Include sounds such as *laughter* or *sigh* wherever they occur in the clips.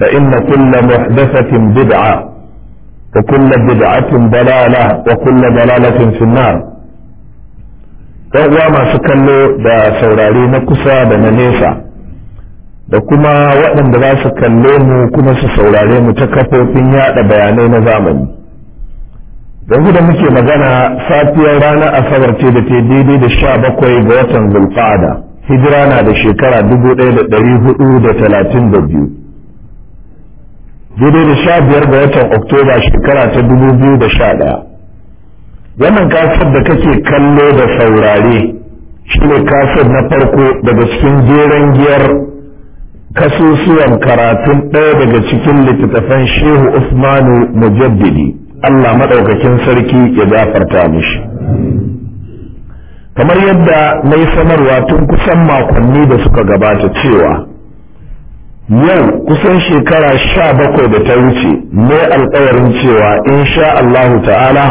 فإن كل محدثة بدعة وكل بدعة ضلالة وكل ضلالة في النار ɗan'uwa masu kallo da saurari na kusa da na nesa da kuma waɗanda za su kalli mu kuma su saurare mu ta kafofin yaɗa bayanai na zamani yanzu da muke magana safiyar ranar asabar ce da ta daidai da sha bakwai ga watan zulfa'ada hijira na da shekara dubu ɗaya da ɗari hudu da talatin da biyu daidai da sha biyar ga watan oktoba shekara ta dubu biyu da sha ɗaya wannan kasar da kake kallo da saurare shine kasar na farko daga cikin jeren giyar kasusuwan karatun ɗaya daga cikin littattafan shehu usmanu mujaddidi allah maɗaukakin sarki ya zafarta mishi kamar yadda na yi sanarwa tun kusan makonni da suka gabata cewa yau kusan shekara sha bakwai da ta wuce ne alkawarin cewa in sha Allahu ta'ala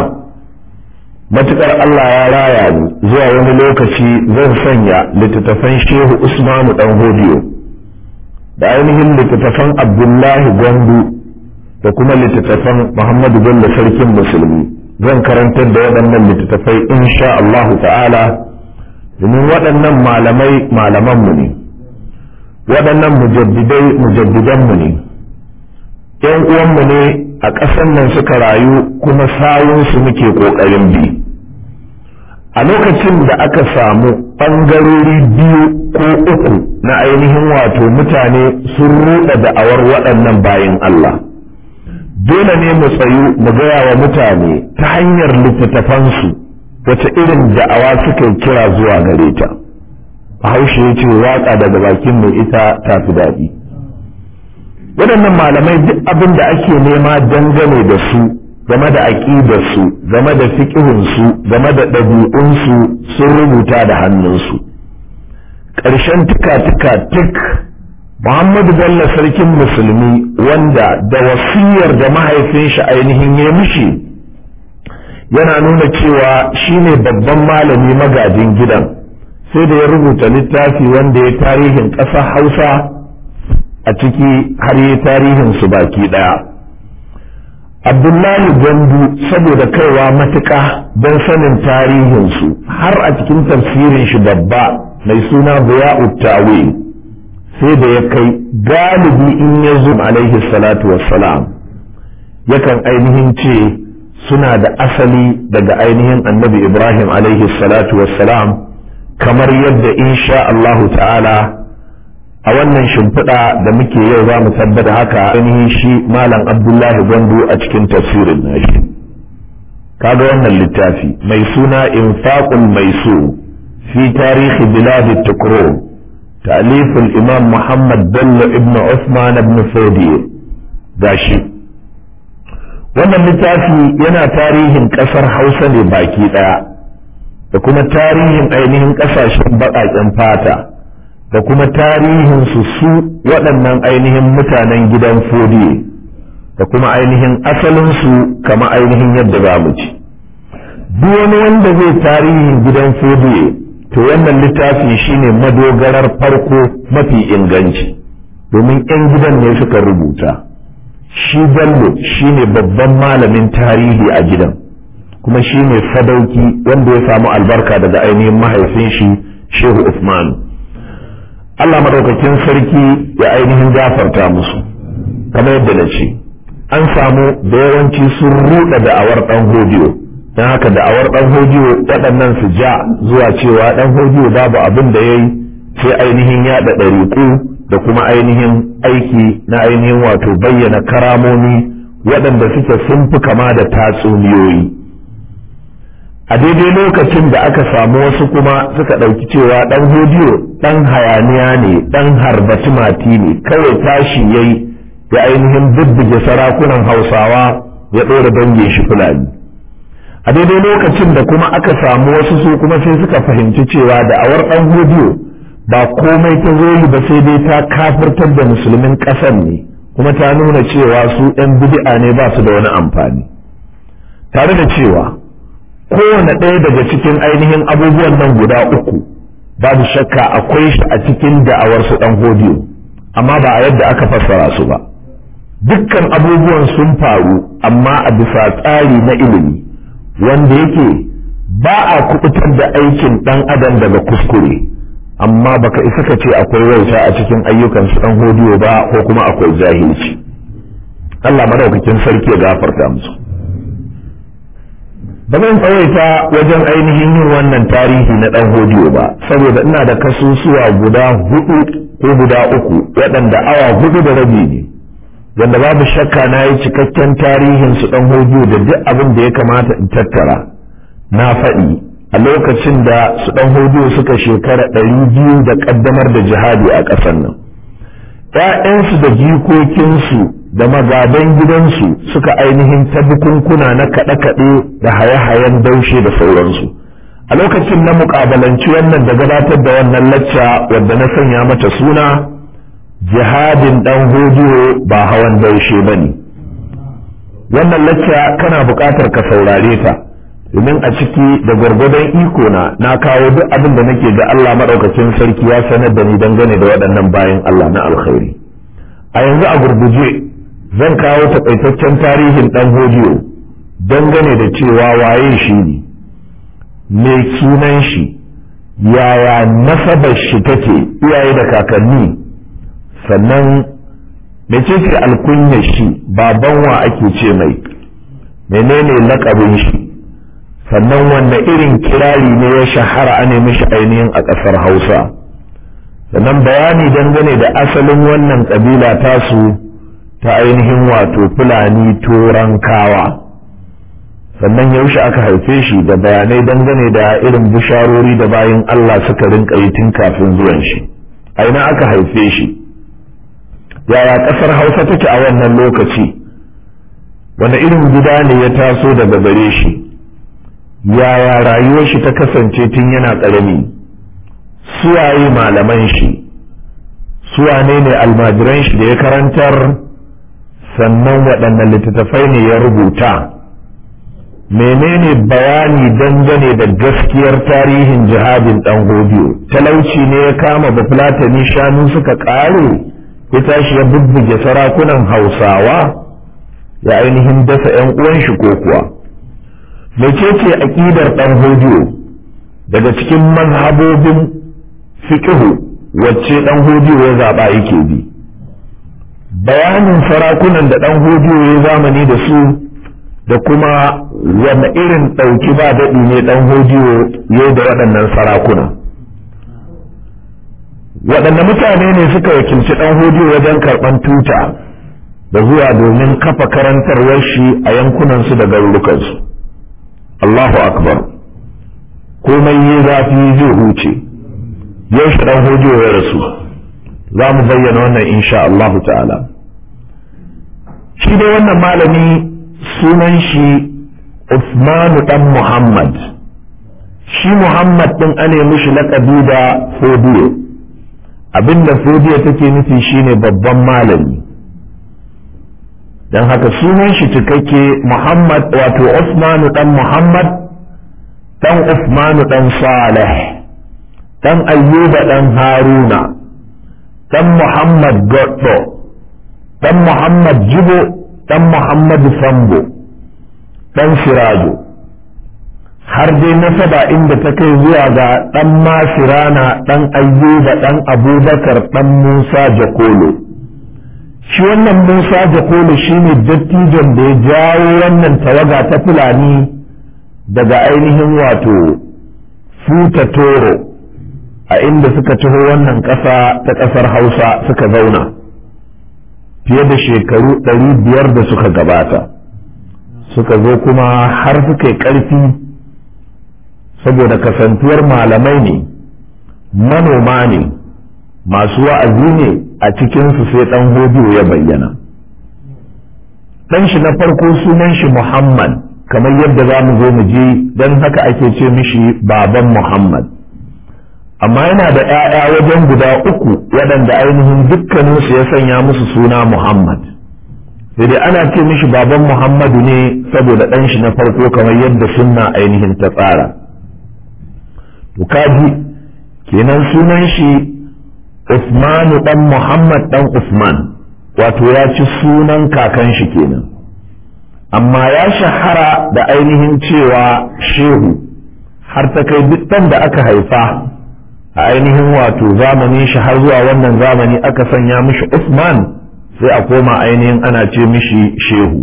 matuƙar Allah ya raya ni zuwa wani lokaci zan sanya littattafan shehu usmanu ɗan hodiyo da ainihin littattafan abdullahi gwandu da kuma littattafan muhammadu bello sarkin musulmi zan karantar da waɗannan littattafai sha Allahu ta'ala domin waɗannan malamai malamanmu ne waɗannan mujaddidai mu ne ‘yan uwanmu ne a ƙasan nan suka rayu kuma sayunsu muke ƙoƙarin bi a lokacin da aka samu ɓangarori biyu ko uku na ainihin wato mutane sun ruɗa da'awar waɗannan bayan Allah dole ne mu tsayu mu gaya wa mutane ta hanyar littattafansu wace irin da'awa suka kira zuwa gare ta. bahaushe ya ce waƙa daga bakin mai ita ta fi daɗi waɗannan malamai duk abin da ake nema dangane da su game da aƙidarsu game da fiƙihunsu game da ɗabi'unsu sun rubuta da hannunsu ƙarshen tuka-tuka tuk Muhammadu Bello sarkin musulmi wanda da wasiyar da mahaifin shi ainihin ya mishi yana nuna cewa shine babban malami magajin gidan sai da ya rubuta littafi wanda ya tarihin ƙasa hausa a ciki har yi tarihin su baki ɗaya abdullahi gandu saboda kaiwa matuƙa don sanin tarihinsu har a cikin tafsirin shi babba mai suna buya tawe sai da ya kai galibi in ya zo alaihi salatu wassalam yakan ainihin ce suna da asali daga ainihin annabi ibrahim alaihi salatu wassalam kamar yadda insha Allahu ta'ala a wannan shimfiɗa da muke yau za mu tabbata haka ainihin shi malam abdullahi gwandu a cikin tafsirin nashi kaga wannan littafi mai suna infaqul maisu fi tarihi bilad tukro ta'lif imam muhammad bello ibn usman ibn gashi wannan littafi yana tarihin ƙasar hausa ne baki ɗaya. da kuma tarihin ainihin ƙasashen baƙaƙen fata da kuma tarihin su su waɗannan ainihin mutanen gidan fodiye da kuma ainihin asalinsu kama ainihin yadda za mu ci duk wani wanda zai tarihin gidan fodiye to wannan littafi shine madogarar farko mafi inganci domin 'yan gidan ne suka rubuta shi bello shine babban malamin tarihi a gidan kuma shi ne sadauki wanda ya samu albarka daga ainihin mahaifin shi shehu usman allah madaukakin sarki ya ainihin gafarta musu kamar yadda na ce an samu da yawanci sun ruɗa da'awar ɗan hodiyo don haka da awar ɗan hodiyo waɗannan su ja zuwa cewa ɗan hodiyo babu abin da ya yi sai ainihin yaɗa ɗariƙu da kuma ainihin aiki na ainihin wato bayyana karamomi waɗanda suke sun fi kama da tatsuniyoyi a daidai lokacin da aka samu wasu kuma suka ɗauki cewa ɗan hodiyo ɗan hayaniya ne ɗan harbati mati ne kawai tashi ya yi ya ainihin bubbuge sarakunan hausawa ya ɗora dange shi fulani a daidai lokacin da kuma aka samu wasu su kuma sai suka fahimci cewa da awar ɗan hodiyo ba komai ta zo ba sai dai ta kafirtar da musulmin ƙasar ne kuma ta nuna cewa su 'yan bid'a ne ba su da wani amfani tare da cewa kowane ɗaya daga cikin ainihin abubuwan nan guda uku babu shakka akwai shi a cikin da'awar su ɗan hodiyo amma ba a yadda aka fassara su ba dukkan abubuwan sun faru amma a bisa tsari na ilimi wanda yake ba a kubutar da aikin ɗan adam daga kuskure amma baka isa ka ce akwai wauta a cikin ayyukan su ɗan hodiyo ba ko kuma akwai jahilci Allah madaukakin sarki ya gafarta musu ba zan tsawaita wajen ainihin yin wannan tarihi na ɗan hodiyo ba saboda ina da kasusuwa guda hudu ko guda uku waɗanda awa hudu da rabi ne wanda babu shakka na yi cikakken tarihin su ɗan hodiyo da duk abin da ya kamata in tattara na faɗi a lokacin da su ɗan hodiyo suka shekara ɗari biyu da ƙaddamar da jihadi a ƙasar nan ‘ya'yansu da jikokinsu da magaban gidansu suka ainihin ta bukunkuna na kaɗe-kaɗe da haye-hayen daushe da sauransu a lokacin na muƙabalanci wannan da gabatar da wannan lacca wadda na sanya mata suna jihadin ɗan hodiyo ba hawan daushe ba ne wannan lacca kana buƙatar ka saurare ta domin a ciki da gwargwadon iko na na kawo duk abin da nake ga Allah maɗaukacin sarki ya sanar da ni dangane da waɗannan bayan Allah na alkhairi a yanzu a gurguje zan kawo takaitaccen tarihin dan hodiyo dangane da cewa waye shi ne mai sunan shi yaya nasabar shi take iyaye da kakanni sannan ke alkunyar shi baban wa ake ce mai menene lakabin shi sannan wanne irin kirari ne ya shahara a nemi shi ainihin a ƙasar hausa sannan bayani dangane da asalin wannan ƙabila tasu ta ainihin wato fulani kawa. sannan yaushe aka haife shi da bayanai dangane da irin bisharori da bayan Allah suka rinka yi tun kafin zuwan shi a ina aka haife shi yaya ƙasar hausa take a wannan lokaci wani irin guda ne ya taso daga gare shi yaya rayuwar shi ta kasance tun yana ƙarami suwaye malaman shi suwane ne almajiran shi da ya karantar sannan waɗanne littattafai ne ya rubuta menene bayani dangane da gaskiyar tarihin jihadin ɗan godiyo talauci ne ya kama bafulatani shanu suka ƙare ya tashi ya bubbuge sarakunan hausawa ya ainihin dasa 'yan uwan shi ko kuwa mecece aƙidar ɗan hodiyo daga cikin manhabobin fiƙihu wacce ɗan hodiyo ya zaɓa yake bi bayanin sarakunan da ɗan hujiyoyi ya zamani da su da kuma wani irin ɗauki ba daɗi ne ɗan hodiyo ya da waɗannan sarakuna waɗanne mutane ne suka wakilci ɗan hodiyo wajen karɓan tuta da zuwa domin kafa karantar shi a yankunansu da garurukansu Allahu akbar komai ya zafi zai huce yau shi ɗan hodiyo ya rasu za mu bayyana wannan insha Allah ta'ala shi dai wannan malami sunan shi Usmanu dan Muhammad shi Muhammad din ane mishi laƙabi da Fodiyo abinda Fodiyo take nufi shine babban malami don haka sunan shi cikakke Muhammad wato Usmanu dan Muhammad dan Usmanu dan Salih dan Ayyuba dan Haruna ɗan Muhammad Goddo, ɗan Muhammad Jibo, ɗan Muhammad Sambo, ɗan Sirajo, har dai nasaba inda ta kai zuwa ga ɗan Masirana, ɗan Ayyuba, ɗan Abubakar, ɗan Musa Jakolo. Shi wannan Musa Jakolo shi ne dattijon da ya jawo wannan tawaga ta Fulani daga ainihin wato Futa Toro. a inda suka taho wannan ƙasa ta ƙasar hausa suka zauna fiye da shekaru ɗari biyar da suka gabata suka zo kuma har suka yi ƙarfi saboda kasantuwar malamai ne manoma ne masu wa'azi ne a cikinsu sai ɗan hobiyo ya bayyana ɗan shi na farko sunan shi muhammad kamar yadda za mu zo mu je don haka ake ce mishi baban muhammad amma yana da ‘ya'ya wajen guda uku waɗanda ainihin dukkaninsu ya sanya musu suna Muhammad. Sai dai ana ce mishi baban Muhammadu ne saboda ɗan shi na farko kamar yadda sunna ainihin ta tsara. To kaji kenan sunan shi Usmanu ɗan Muhammad ɗan Usman wato ya ci sunan kakan shi kenan. Amma ya shahara da ainihin cewa shehu har ta kai duk da aka haifa a ainihin wato zamani shi har zuwa wannan zamani aka sanya mishi Usman sai a koma ainihin ana ce mishi shehu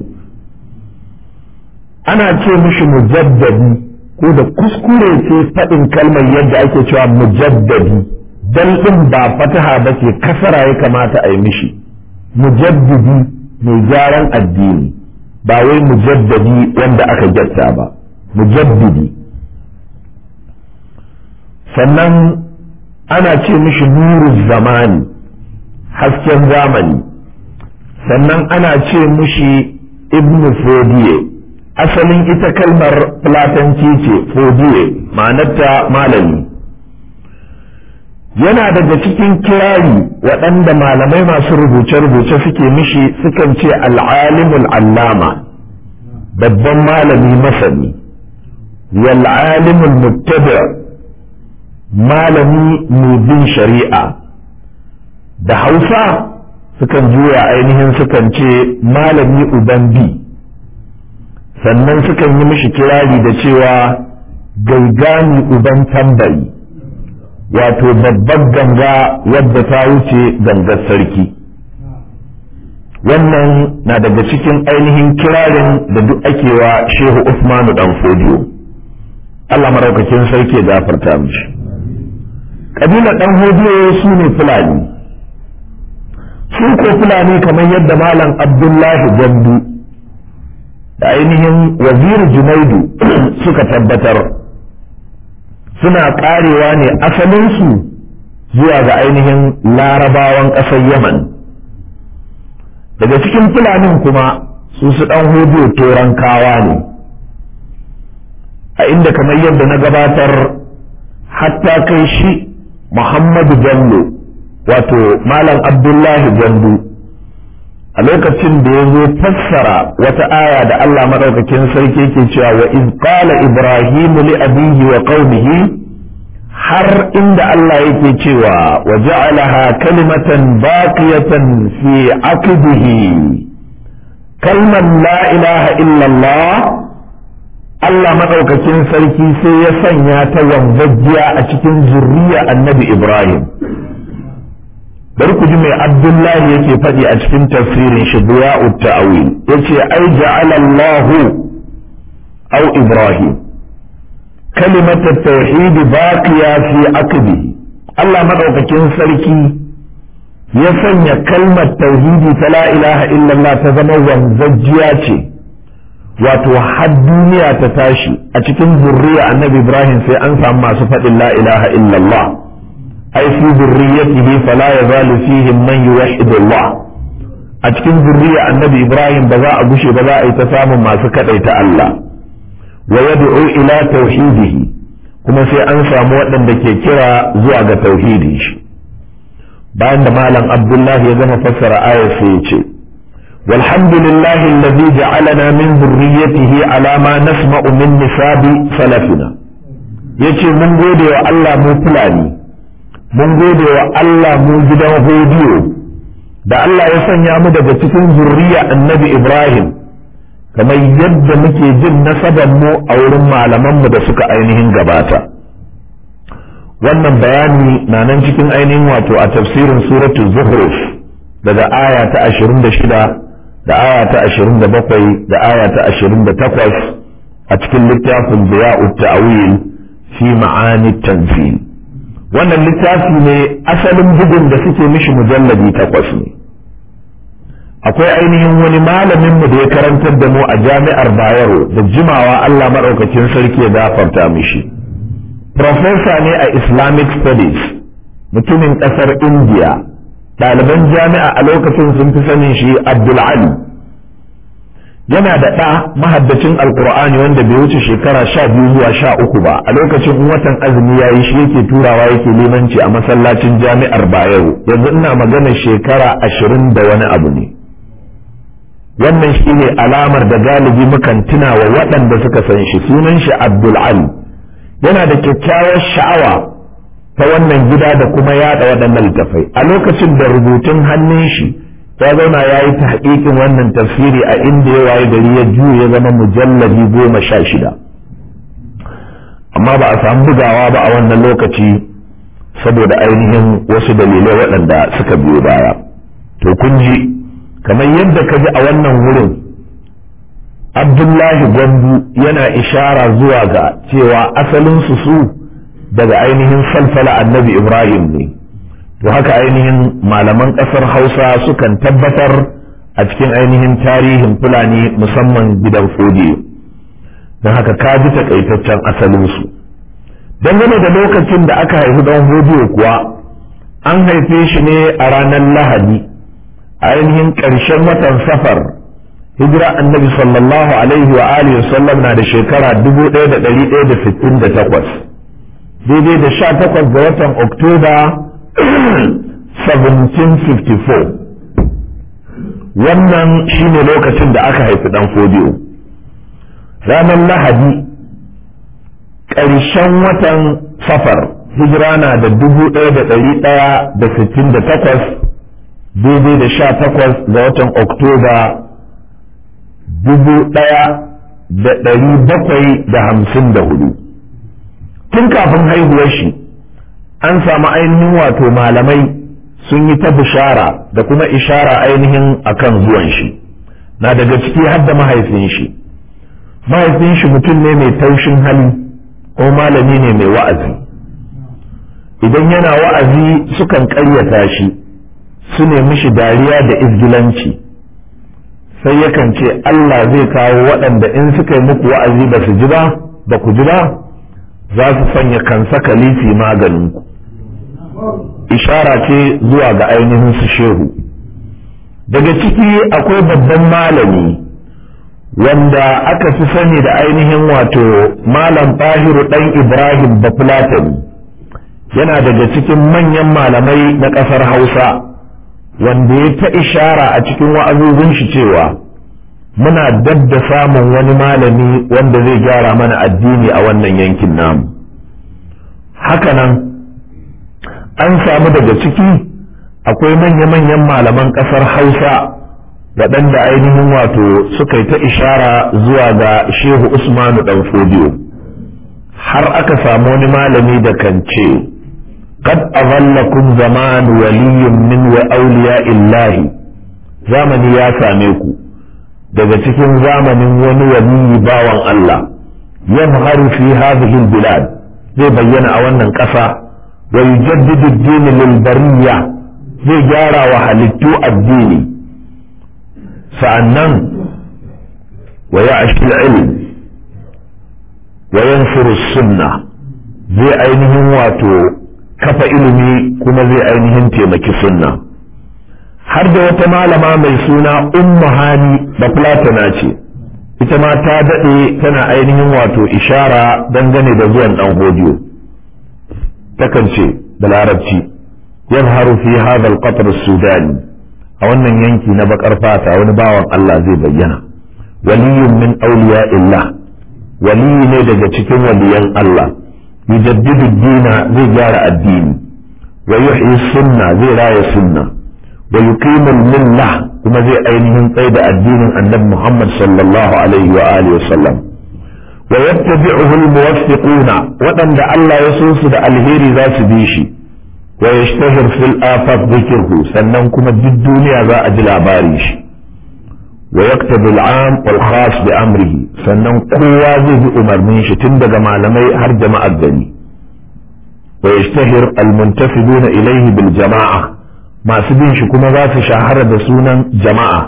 ana ce mishi mujaddadi ko da kuskure ce faɗin kalmar yadda ake cewa mujaddadi dan ɗin ba fataha ba ce kasara ya kamata a yi mishi mujaddidi mai gyaran addini ba wai mujaddadi wanda aka gyatta ba mujaddidi sannan ana ce mishi nuru zamani hasken zamani sannan ana ce mishi ibnu fodiye asalin ita kalmar platanci ce fodiye ma'anarta malami yana daga cikin kirari waɗanda malamai masu rubuce-rubuce suke mishi sukan ce al'alimul allama babban malami masani yal'alimul alimul malami mai bin shari'a da hausa sukan juya ainihin sukan ce malami uban bi sannan sukan yi mishi kirari da cewa gaigani uban tambayi wato babbar ganga wadda ta wuce gangar sarki wannan na daga cikin ainihin kirarin da duk akewa shehu usmanu dan fodiyo allah maraukakin sarki ya gafarta mishi kabilar ɗan hodiyo su ne fulani su ko fulani kamar yadda malam abdullahi jaddu da ainihin wazir junaidu *clears throat* suka tabbatar suna ƙarewa ne asalinsu zuwa ga ainihin larabawan ƙasar yaman daga cikin fulanin kuma su su ɗan hodiyo toron kawa ne a inda kamar yadda na gabatar hatta kai shi muhammadu bello wato malam abdullahi gandu a lokacin da ya zo fassara wata aya da Allah maɗaukakin sarki ke cewa wa in qala ibrahim li abihi wa qaumihi har inda Allah yake cewa wa ja'alaha kalimatan baqiyatan fi aqibihi kalman la ilaha illallah Allah maɗaukakin sarki sai ya sanya ta wanzajjiya a cikin zurriya annabi Ibrahim. Bari ku ji mai Abdullahi yake faɗi a cikin tafsirin shi Buya'ut Ta'awil yace ai ja'ala Allahu au Ibrahim kalimatat tauhid baqiya fi aqbi Allah maɗaukakin sarki ya sanya kalmar tauhidi ta la ilaha illallah ta zama wanzajjiya ce wato har duniya ta tashi a cikin zurriya annabi ibrahim sai an samu masu faɗin la ilaha illallah ai fi zurriyatihi fala yazalu fihim man yuwahhidullah a cikin zurriya annabi ibrahim ba za a gushe ba za a yi ta samun masu ta Allah wa yad'u ila tauhidihi kuma sai an samu waɗanda ke kira zuwa ga tauhidin shi bayan da malam abdullahi ya gama fassara ayar sai ya ce والحمد لله الذي جعلنا من ذريته على ما نسمع من نساب سلفنا yace mun gode wa Allah mu fulani mun gode wa Allah mu gidan hodiyo da Allah ya sanya mu daga cikin zuriya annabi Ibrahim kamar yadda muke jin nasaban mu a wurin malaman mu da suka ainihin gabata wannan bayani na nan cikin ainihin wato a tafsirin suratul zuhruf daga aya ta 26 da aya ta ashirin da aya ta takwas a cikin littafin biya'ut ta'wil fi ma'ani tanzil wannan littafi ne asalin bugun da suke mishi mujalladi takwas ne akwai ainihin wani malamin mu da ya karantar da mu a jami'ar Bayero da jimawa Allah maɗaukakin sarki ya gafarta mishi Profesa ne a Islamic Studies mutumin ƙasar India ɗaliban jami'a a lokacin sun fi sanin shi abdulali yana da ɗa mahaddacin alkur'ani wanda bai wuce shekara sha biyu zuwa sha uku ba a lokacin watan azumi ya yi shi yake turawa yake limanci a masallacin jami'ar bayero yanzu ina magana shekara ashirin da wani abu ne wannan shi ne alamar da galibi mukan tuna wa waɗanda suka san shi sunan shi abdul yana da kyakkyawar sha'awa ta wannan gida da kuma yada waɗannan littafai a lokacin da rubutun hannun shi ya zauna ya yi tahqiqin wannan tafsiri a inda ya waye gari ya juye ya zama mujallabi goma sha shida amma ba a samu bugawa ba a wannan lokaci saboda ainihin wasu dalilai waɗanda suka biyo baya to kun ji kamar yadda ka ji a wannan wurin abdullahi gwandu yana ishara zuwa ga cewa asalinsu su daga ainihin falfala annabi ibrahim ne to haka ainihin malaman ƙasar hausa sukan tabbatar a cikin ainihin tarihin fulani musamman gidan fodiyo don haka ka ji takaitaccen asalinsu dangane da lokacin da aka haifi don fodiyo kuwa an haife shi ne a ranar lahadi ainihin ƙarshen watan safar hijira annabi sallallahu alaihi wa alihi sallam na da shekara 1168 daidai da sha takwas ga watan oktoba 1754 *clears throat* wannan shine lokacin da aka haifi dan fodiyo ranar lahadi ƙarshen watan safar hijira na da dubu ɗaya da ɗari ɗaya da sittin da takwas daidai da sha takwas ga watan oktoba dubu ɗaya da ɗari bakwai da hamsin da hudu tun kafin haihuwar shi an samu ainihin wato malamai sun yi ta bishara da kuma ishara ainihin akan zuwan shi na daga ciki har da mahaifin shi mahaifin shi mutum ne mai taushin hali ko malami ne mai wa'azi idan yana wa'azi sukan ƙaryata shi su ne mishi dariya da izgilanci sai yakan ce Allah zai kawo waɗanda in suka yi muku wa'azi ba su ji ba ba ku ji ba za su sanya kansa kalifi maganin ku ishara ce zuwa ga ainihin su shehu daga ciki akwai babban malami wanda aka fi sani da ainihin wato malam fahiru Ɗan ibrahim bafulatani yana daga cikin manyan malamai na ƙasar hausa wanda ya ta ishara a cikin wa'azuzin shi cewa muna dadda samun wani malami wanda zai gyara mana addini a wannan yankin namu hakanan an samu daga ciki akwai manya-manyan malaman ƙasar hausa waɗanda ainihin wato suka yi ta ishara zuwa ga shehu usmanu ɗan fodiyo har aka samu wani malami da kan ce قد أظلكم زمان ولي من illahi, zamani ya same ku. daga cikin zamanin wani waliyi bawan Allah yadhharu fi hadhihi bilad zai bayyana a wannan kasa wa yujaddidu ad-din lil bariyya zai gyara wa halittu addini sa'annan wa ya'shi al-ilm wa yansuru as-sunnah zai ainihin wato kafa ilimi kuma zai ainihin taimaki sunna har da wata malama mai suna umma hani da platana ce ita ma ta daɗe tana ainihin wato ishara dangane da zuwan ɗan hodiyo takan ce da larabci yadharu fi hadha al sudani a wannan yanki na bakar fata wani bawan Allah zai bayyana waliyun min awliya illah waliyu ne daga cikin waliyan Allah yujaddidu dina zai gyara addini wa yuhyi sunna zai raya sunna ويقيم المنة كما ذي أين من طيب الدين أن محمد صلى الله عليه وآله وسلم ويتبعه الموثقون وأن الله يسوس الهير ذات ديشي ويشتهر في الآفاق ذكره سنن كما ذي الدنيا ذا أجل عباريش ويكتب العام والخاص بأمره سنن قوى ذي أمر منش تندق مع لمي هرجم الدني ويشتهر المنتفدون إليه بالجماعة masu bin shi kuma za su shahara da sunan jama'a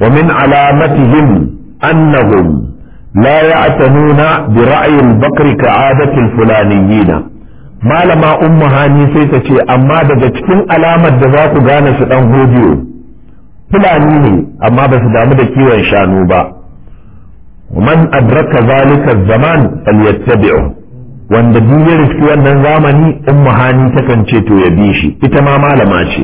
wa min alamatihim annahum la ya'tanuna bi ra'yi bakri ka'adati fulaniyina malama ummu hani sai ta ce amma daga cikin alamar da za ku gane su dan hodiyo fulani ne amma ba su damu da kiwon shanu ba ومن أدرك ذلك الزمان فليتبعه wanda duniya da wannan zamani in hani takan ce to ya bi shi ita ma malama ce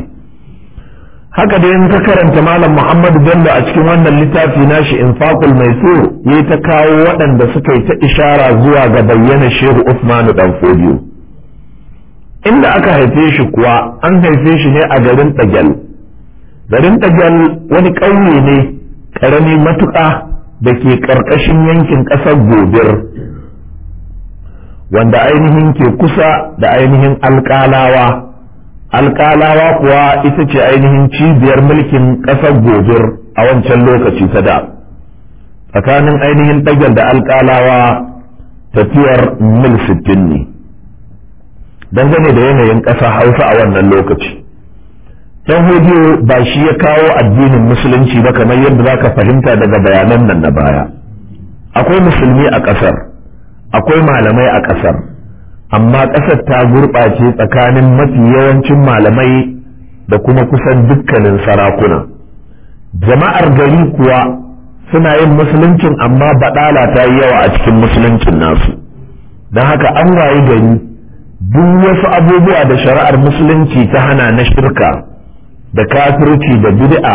haka da yanzu karanta malam Muhammadu Bello a cikin wannan littafi nashi Infaqul so ya ta kawo waɗanda suka yi ta ishara zuwa ga bayyana Shehu Usmanu dan Fodiyo inda aka haife shi kuwa an haife shi ne a garin ɗagal garin ɗagal wani ƙauye ne ƙarami matuƙa da ke ƙarƙashin yankin ƙasar Gobir wanda ainihin ke kusa da ainihin alƙalawa alƙalawa kuwa ita ce ainihin cibiyar mulkin ƙasar gobir a wancan lokaci ta da tsakanin ainihin ɗagen da alƙalawa tafiyar mil sittin ne dangane da yanayin ƙasa hausa a wannan lokaci ɗan hudu ba shi ya kawo addinin musulunci ba kamar yadda za ka fahimta daga bayanan nan na baya akwai musulmi a ƙasar akwai malamai a ƙasar amma ƙasar ta gurɓace tsakanin mafi yawancin malamai da kuma kusan dukkanin sarakuna jama'ar gari kuwa suna yin musuluncin amma baɗala ta yi yawa a cikin musuluncin nasu don haka an waye gari duk wasu abubuwa da shari'ar musulunci ta hana na shirka da kafirci da bid'a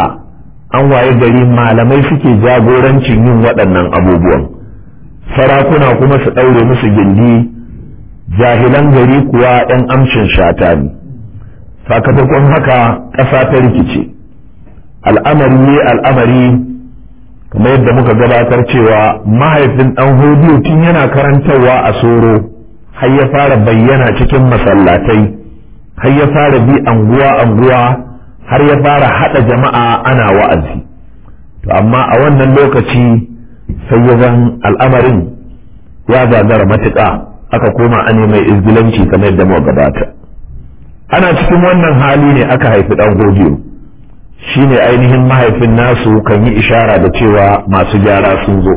an waye gari malamai suke jagorancin yin waɗannan abubuwan sarakuna kuma su ɗaure musu gindi jahilan gari kuwa ɗan amshin shata ne sakatakon haka ƙasa ta rikice al'amari ne al'amari kamar yadda muka gabatar cewa mahaifin ɗan hudu tun yana karantarwa a soro har ya fara bayyana cikin masallatai har ya fara bi anguwa anguwa har ya fara haɗa jama'a ana wa'azi to amma a wannan lokaci sai ya al'amarin ya gagara matuƙa aka koma a mai izgilanci kamar yadda muka gabata ana cikin wannan hali ne aka haifi ɗan gogiyo shi ne ainihin mahaifin nasu kan yi ishara da cewa masu gyara sun zo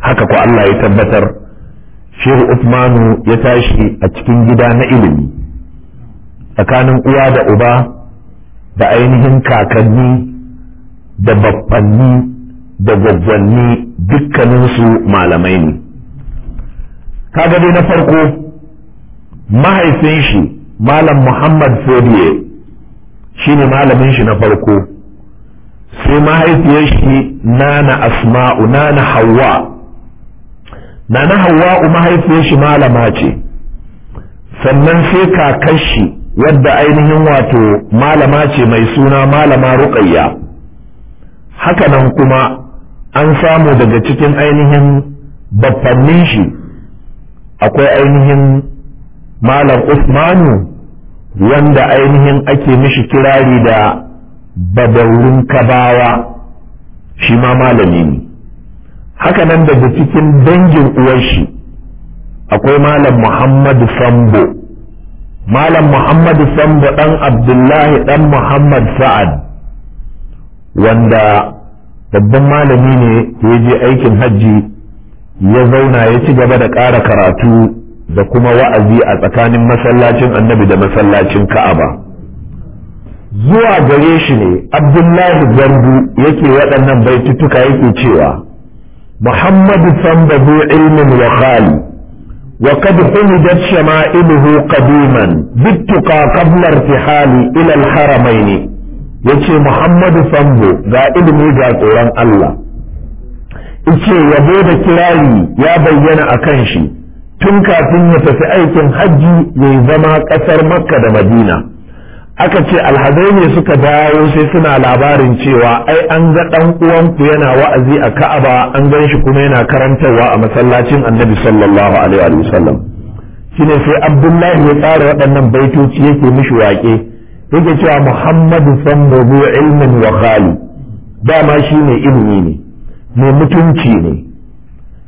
haka ko Allah ya tabbatar shehu Usmanu ya tashi a cikin gida na ilimi tsakanin uwa da uba da ainihin kakanni da babbanni da gwaggwanni dukkaninsu malamai ne kaga dai na farko mahaifin shi malam muhammad fodiye shi ne malamin shi na farko sai mahaifiyar shi nana asma'u nana hawa nana hawa mahaifiyar shi malama ce sannan sai kakar shi wadda ainihin wato malama ce mai suna malama ruƙayya hakanan kuma an samu daga cikin ainihin babbannin shi akwai ainihin malam usmanu wanda ainihin ake mishi kirari da babaurin kabawa shi ma malami ne haka nan daga cikin dangin uwar shi akwai malam muhammadu sambo malam muhammadu sambo ɗan abdullahi ɗan muhammad sa'ad wanda babban malami ne ya je aikin hajji ya zauna ya ci gaba da ƙara karatu da kuma wa'azi a tsakanin masallacin annabi da masallacin ka'aba zuwa gare shi ne abdullahi garbu yake waɗannan baitutuka yake cewa muhammadu sambabu ilmin wa khali وقد حمدت شمائله قديما بالتقى قبل ارتحالي إلى الحرمين yace Muhammadu Sambo ga ilimi ga tsoron Allah ice yabo da kirari ya bayyana a kan shi tun kafin ya tafi aikin hajji mai zama ƙasar Makka da Madina aka ce alhazai ne suka dawo sai suna labarin cewa ai an ga ɗan uwanku yana wa'azi a Ka'aba an gan shi kuma yana karantarwa a masallacin Annabi sallallahu alaihi wa shine sai Abdullahi ya tsara waɗannan baitoci yake mishi waƙe yake cewa muhammadu san babu ilmin wa khali dama shi ne ilimi ne mai mutunci ne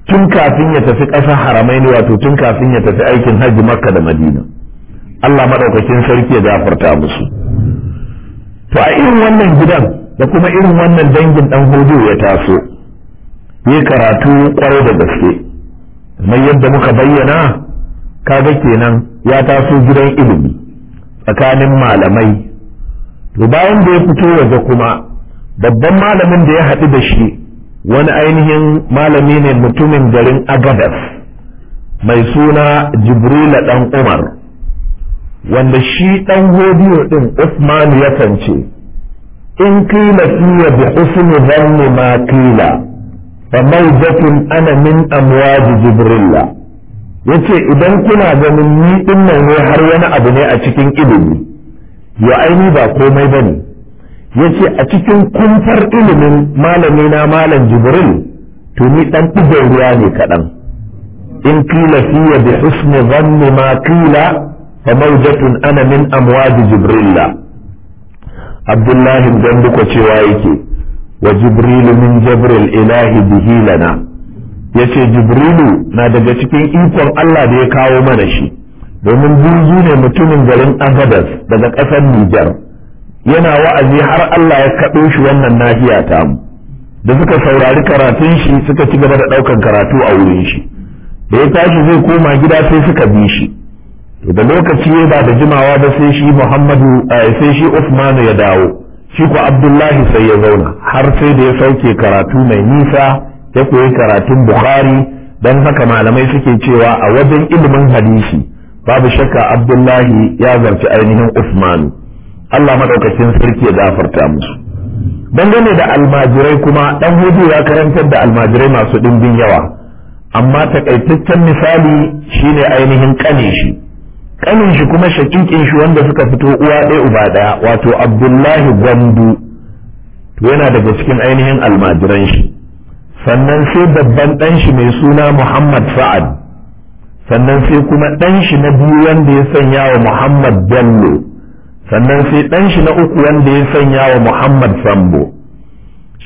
tun kafin ya tafi ƙasa haramai ne wato tun kafin ya tafi aikin hajji makka da madina allah maɗaukakin sarki ya gafarta musu to a irin wannan gidan da kuma irin wannan dangin ɗan hudu ya taso ya karatu kwarai da gaske mai yadda muka bayyana kaga kenan ya taso gidan ilimi tsakanin malamai rubayin bayan da ya fito waje kuma babban malamin da ya haɗu da shi wani ainihin malami ne mutumin garin agadas mai suna jibrila ɗan umar wanda shi ɗan hodiyo ɗin usman ya sance in kila fiye bi husni zanni ma kila fa maujatin ana min amwaji jibrilla yace idan kuna ganin ni din nan ne har wani abu ne a cikin ilimi ya aini ba komai bane yace a cikin kumfar ilimin malami na malam jibril to ni dan ɗigon ruwa ne kaɗan in kila fiye bi husni zanni ma kila fa mawjatun ana min amwaji jibrilla abdullahi dan duka cewa yake wa jibril min jabril ilahi bihi lana ya ce jibrilu na daga cikin ikon Allah da ya kawo mana shi domin buzu ne mutumin garin agadas daga ƙasar nijar yana wa'azi har Allah ya kaɗo shi wannan nahiya ta mu da suka saurari karatun shi suka ci gaba da ɗaukan karatu a wurin shi da ya tashi zai koma gida sai suka bi shi to da lokaci ya ba da jimawa ba sai shi muhammadu eh, sai shi usmanu ya dawo shi ko abdullahi sai ya zauna har sai da ya sauke karatu mai nisa ya koyi karatun bukhari don haka malamai suke cewa a wajen ilimin hadisi babu shakka abdullahi ya zarci ainihin usmanu allah maɗaukacin sarki ya gafarta musu dangane da almajirai kuma dan hudu ya karantar da almajirai masu ɗimbin yawa amma takaitaccen misali shine ainihin kane shi kanin shi kuma shakikin shi wanda suka fito uwa ɗaya uba ɗaya wato abdullahi gwandu to yana daga cikin ainihin almajiran shi sannan sai babban ɗan shi mai suna muhammad sa'ad sannan sai kuma ɗan shi na biyu wanda ya sanya wa muhammad bello sannan sai ɗan shi na uku wanda ya sanya wa muhammad sambo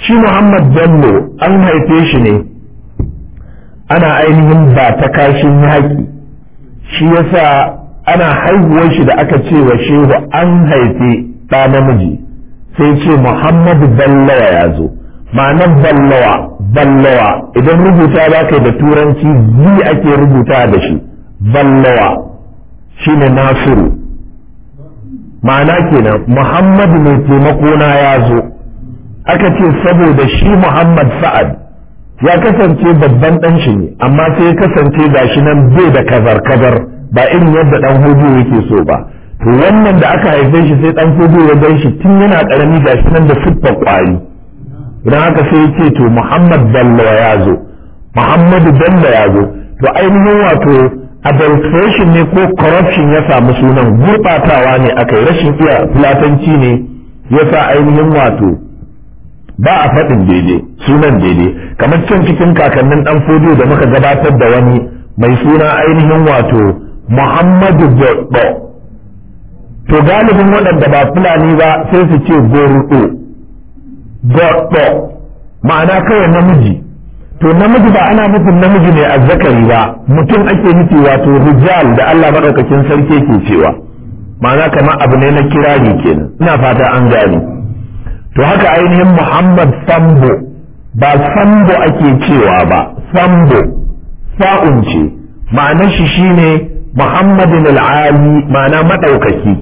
shi muhammad bello an haife shi ne ana ainihin ba ta kashin yaƙi shi yasa ana haihuwar shi da aka ce wa shehu an haife ɗa namiji sai ce muhammad bello ya zo ma'anar ballawa ballawa idan rubuta ba ka da turanci zi ake rubuta da shi ballawa shine nasiru ma'ana kenan muhammad mai taimakona ya zo aka ce saboda shi muhammad sa'ad ya kasance babban ɗan shi ne amma sai ya kasance gashi nan bai da kazar kazar ba irin yadda dan hudu yake so ba to wannan da aka haife shi sai dan hudu ya gan shi tun yana ga gashi nan da siffar kwari idan haka sai ya ce to muhammad bello ya zo muhammadu bello ya zo to ainihin wato adulteration ne ko corruption ya samu sunan gurɓatawa ne aka yi rashin iya fulatanci ne ya sa ainihin wato ba a faɗin daidai sunan daidai kamar can cikin kakannin ɗan fodo da muka gabatar da wani mai suna ainihin wato muhammadu bello to galibin waɗanda ba fulani ba sai su ce bordo goɗɗo ma'ana kawai namiji to namiji ba ana mutum namiji ne a zakari ba mutum ake nufi wato rijal da Allah maɗaukakin sarki ke cewa ma'ana kamar abu ne na kirari kenan ina fata an gani to haka ainihin Muhammad Sambo ba Sambo ake cewa ba Sambo sa'un ce ma'anar shi shine Muhammadin al'ali ma'ana maɗaukaki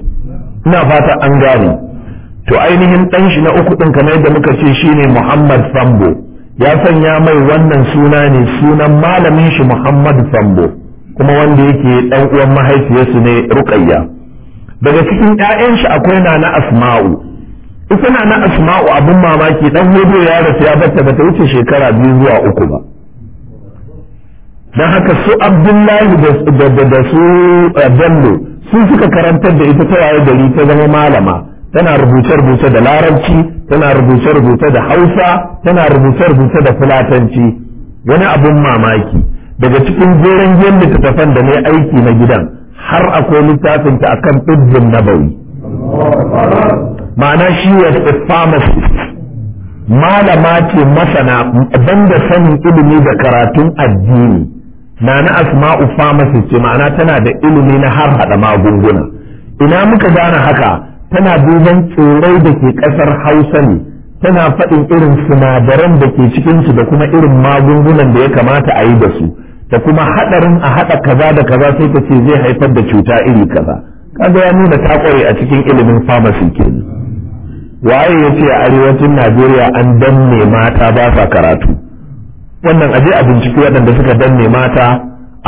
ina fata an gani. to ainihin ɗan shi na uku ɗin kamar yadda muka ce shine Muhammad Sambo ya sanya mai wannan suna ne sunan malamin shi Muhammad Sambo kuma wanda yake ɗan uwan mahaifiyarsu ne Ruqayya daga cikin ƴaƴan shi akwai Nana Asma'u ita Nana Asma'u abin mamaki dan hodo ya rasu ya batta bata wuce shekara biyu zuwa uku ba dan haka su Abdullahi da su Dambo eh, sun suka karantar da ita ta yaya gari ta zama malama tana rubuce-rubuce da larabci tana rubuce-rubuce da hausa tana rubuce-rubuce da fulatanci wani abun mamaki daga cikin jeren jiyan littattafan da yi aiki na gidan har akwai littafin ta akan tsibbin nabawi ma'ana shi was a pharmacist malama ce masana banda sanin ilimi da karatun addini na na asma'u pharmacist ce ma'ana tana da ilimi na har haɗa magunguna ina muka gane haka tana duban tsirrai da ke ƙasar hausa ne tana faɗin irin sinadaran da ke cikinsu da kuma irin magungunan da ya kamata a yi da su da kuma haɗarin a haɗa kaza da kaza sai ta ce zai haifar da cuta iri kaza kaga ya nuna ta kware a cikin ilimin pharmacy kenan waye ya ce a arewacin najeriya an danne mata ba sa karatu wannan aje a binciki waɗanda suka danne mata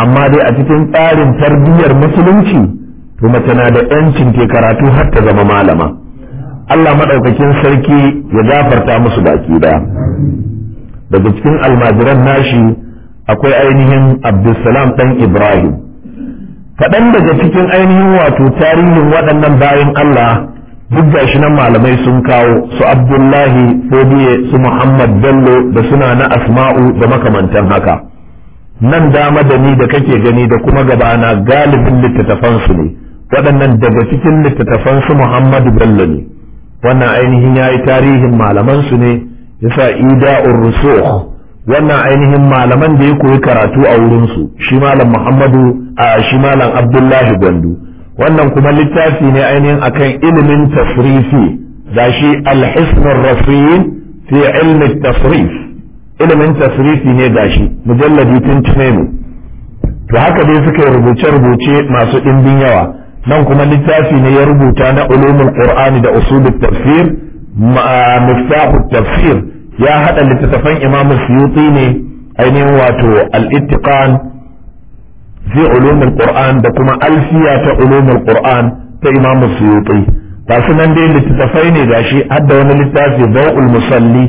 amma dai a cikin tsarin tarbiyyar musulunci to mace na da yancin ke karatu har ta zama malama Allah maɗaukakin sarki ya gafarta musu baki daya daga cikin almajiran nashi akwai ainihin Abdulsalam ɗan Ibrahim kaɗan daga cikin ainihin wato tarihin waɗannan bayan Allah duk gashi nan malamai sun kawo su Abdullahi Fodiye su Muhammad Bello da suna na Asma'u da makamantan haka nan dama da ni da kake gani da kuma gabana galibin littattafansu ne waɗannan daga cikin littattafan su Muhammadu Bello ne wannan ainihin ya yi tarihin malamansu ne yasa ida urusu wannan ainihin malaman da ya koyi karatu a wurin su shi malam Muhammadu a shi malam Abdullahi Gwandu wannan kuma littafi ne ainihin akan ilimin tasrifi gashi al-hisnur rafiyin fi ilimin tasrif ilimin tasrifi ne gashi mujalladi tun ne to haka dai suka yi rubuce-rubuce masu ɗimbin yawa nan kuma littafi ne ya rubuta na ulumul qur'ani da usulul tafsir muftahu tafsir ya hada littattafan imam suyuti ne ainihin wato al-ittiqan fi ulumul qur'an da kuma alfiya ta ulumul qur'an ta imam suyuti ba su nan dai littattafai ne gashi hadda wani littafi bau'ul musalli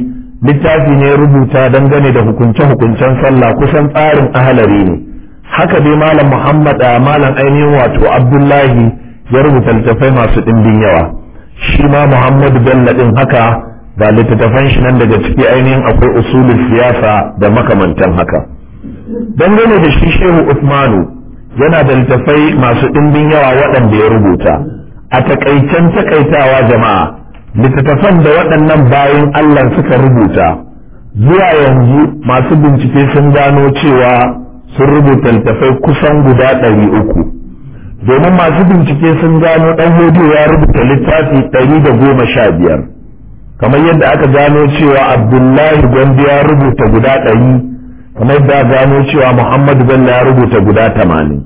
littafi ne rubuta dangane da hukunce-hukuncen sallah kusan tsarin ahalari ne haka dai malam muhammad a ah, malam ainihin wato abdullahi ya rubuta littattafai masu ɗimbin yawa shi ma muhammadu bello ɗin haka ba littattafan shi nan daga ciki ainihin akwai usulin siyasa da makamantan haka dangane da shi shehu usmanu yana da littattafai masu ɗimbin yawa waɗanda ya rubuta a takaicen takaitawa jama'a littattafan da waɗannan bayan allah suka rubuta zuwa yanzu masu bincike sun gano cewa sun rubuta littafai kusan guda ɗari uku domin masu bincike sun gano ɗan hodiyo ya rubuta littafi ɗari da goma sha biyar kamar yadda aka gano cewa abdullahi gwandi ya rubuta guda ɗari kamar yadda gano cewa muhammadu bello ya rubuta guda tamanin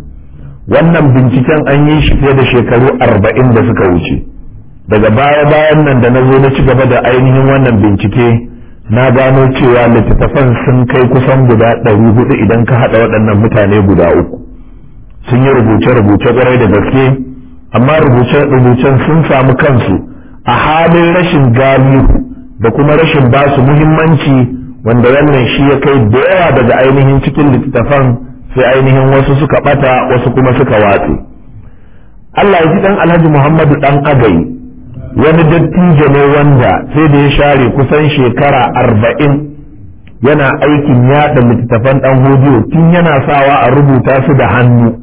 wannan binciken an yi shi fiye da shekaru arba'in da suka wuce daga baya bayan nan da na zo na ci gaba da ainihin wannan bincike na gano cewa littattafan sun kai kusan guda ɗari hudu idan ka haɗa waɗannan mutane guda uku sun yi rubuce-rubuce ƙwarai da gaske amma rubuce-rubucen sun samu kansu a halin rashin galihu da kuma rashin ba su muhimmanci wanda wannan shi ya kai da yawa daga ainihin cikin littattafan sai ainihin wasu suka ɓata wasu kuma suka watse Allah ya ji ɗan Alhaji Muhammadu ɗan Agai wani dattijo ne wanda sai da ya share kusan shekara arba'in yana aikin yaɗa littattafan ɗan hudu tun yana sawa a rubuta su da hannu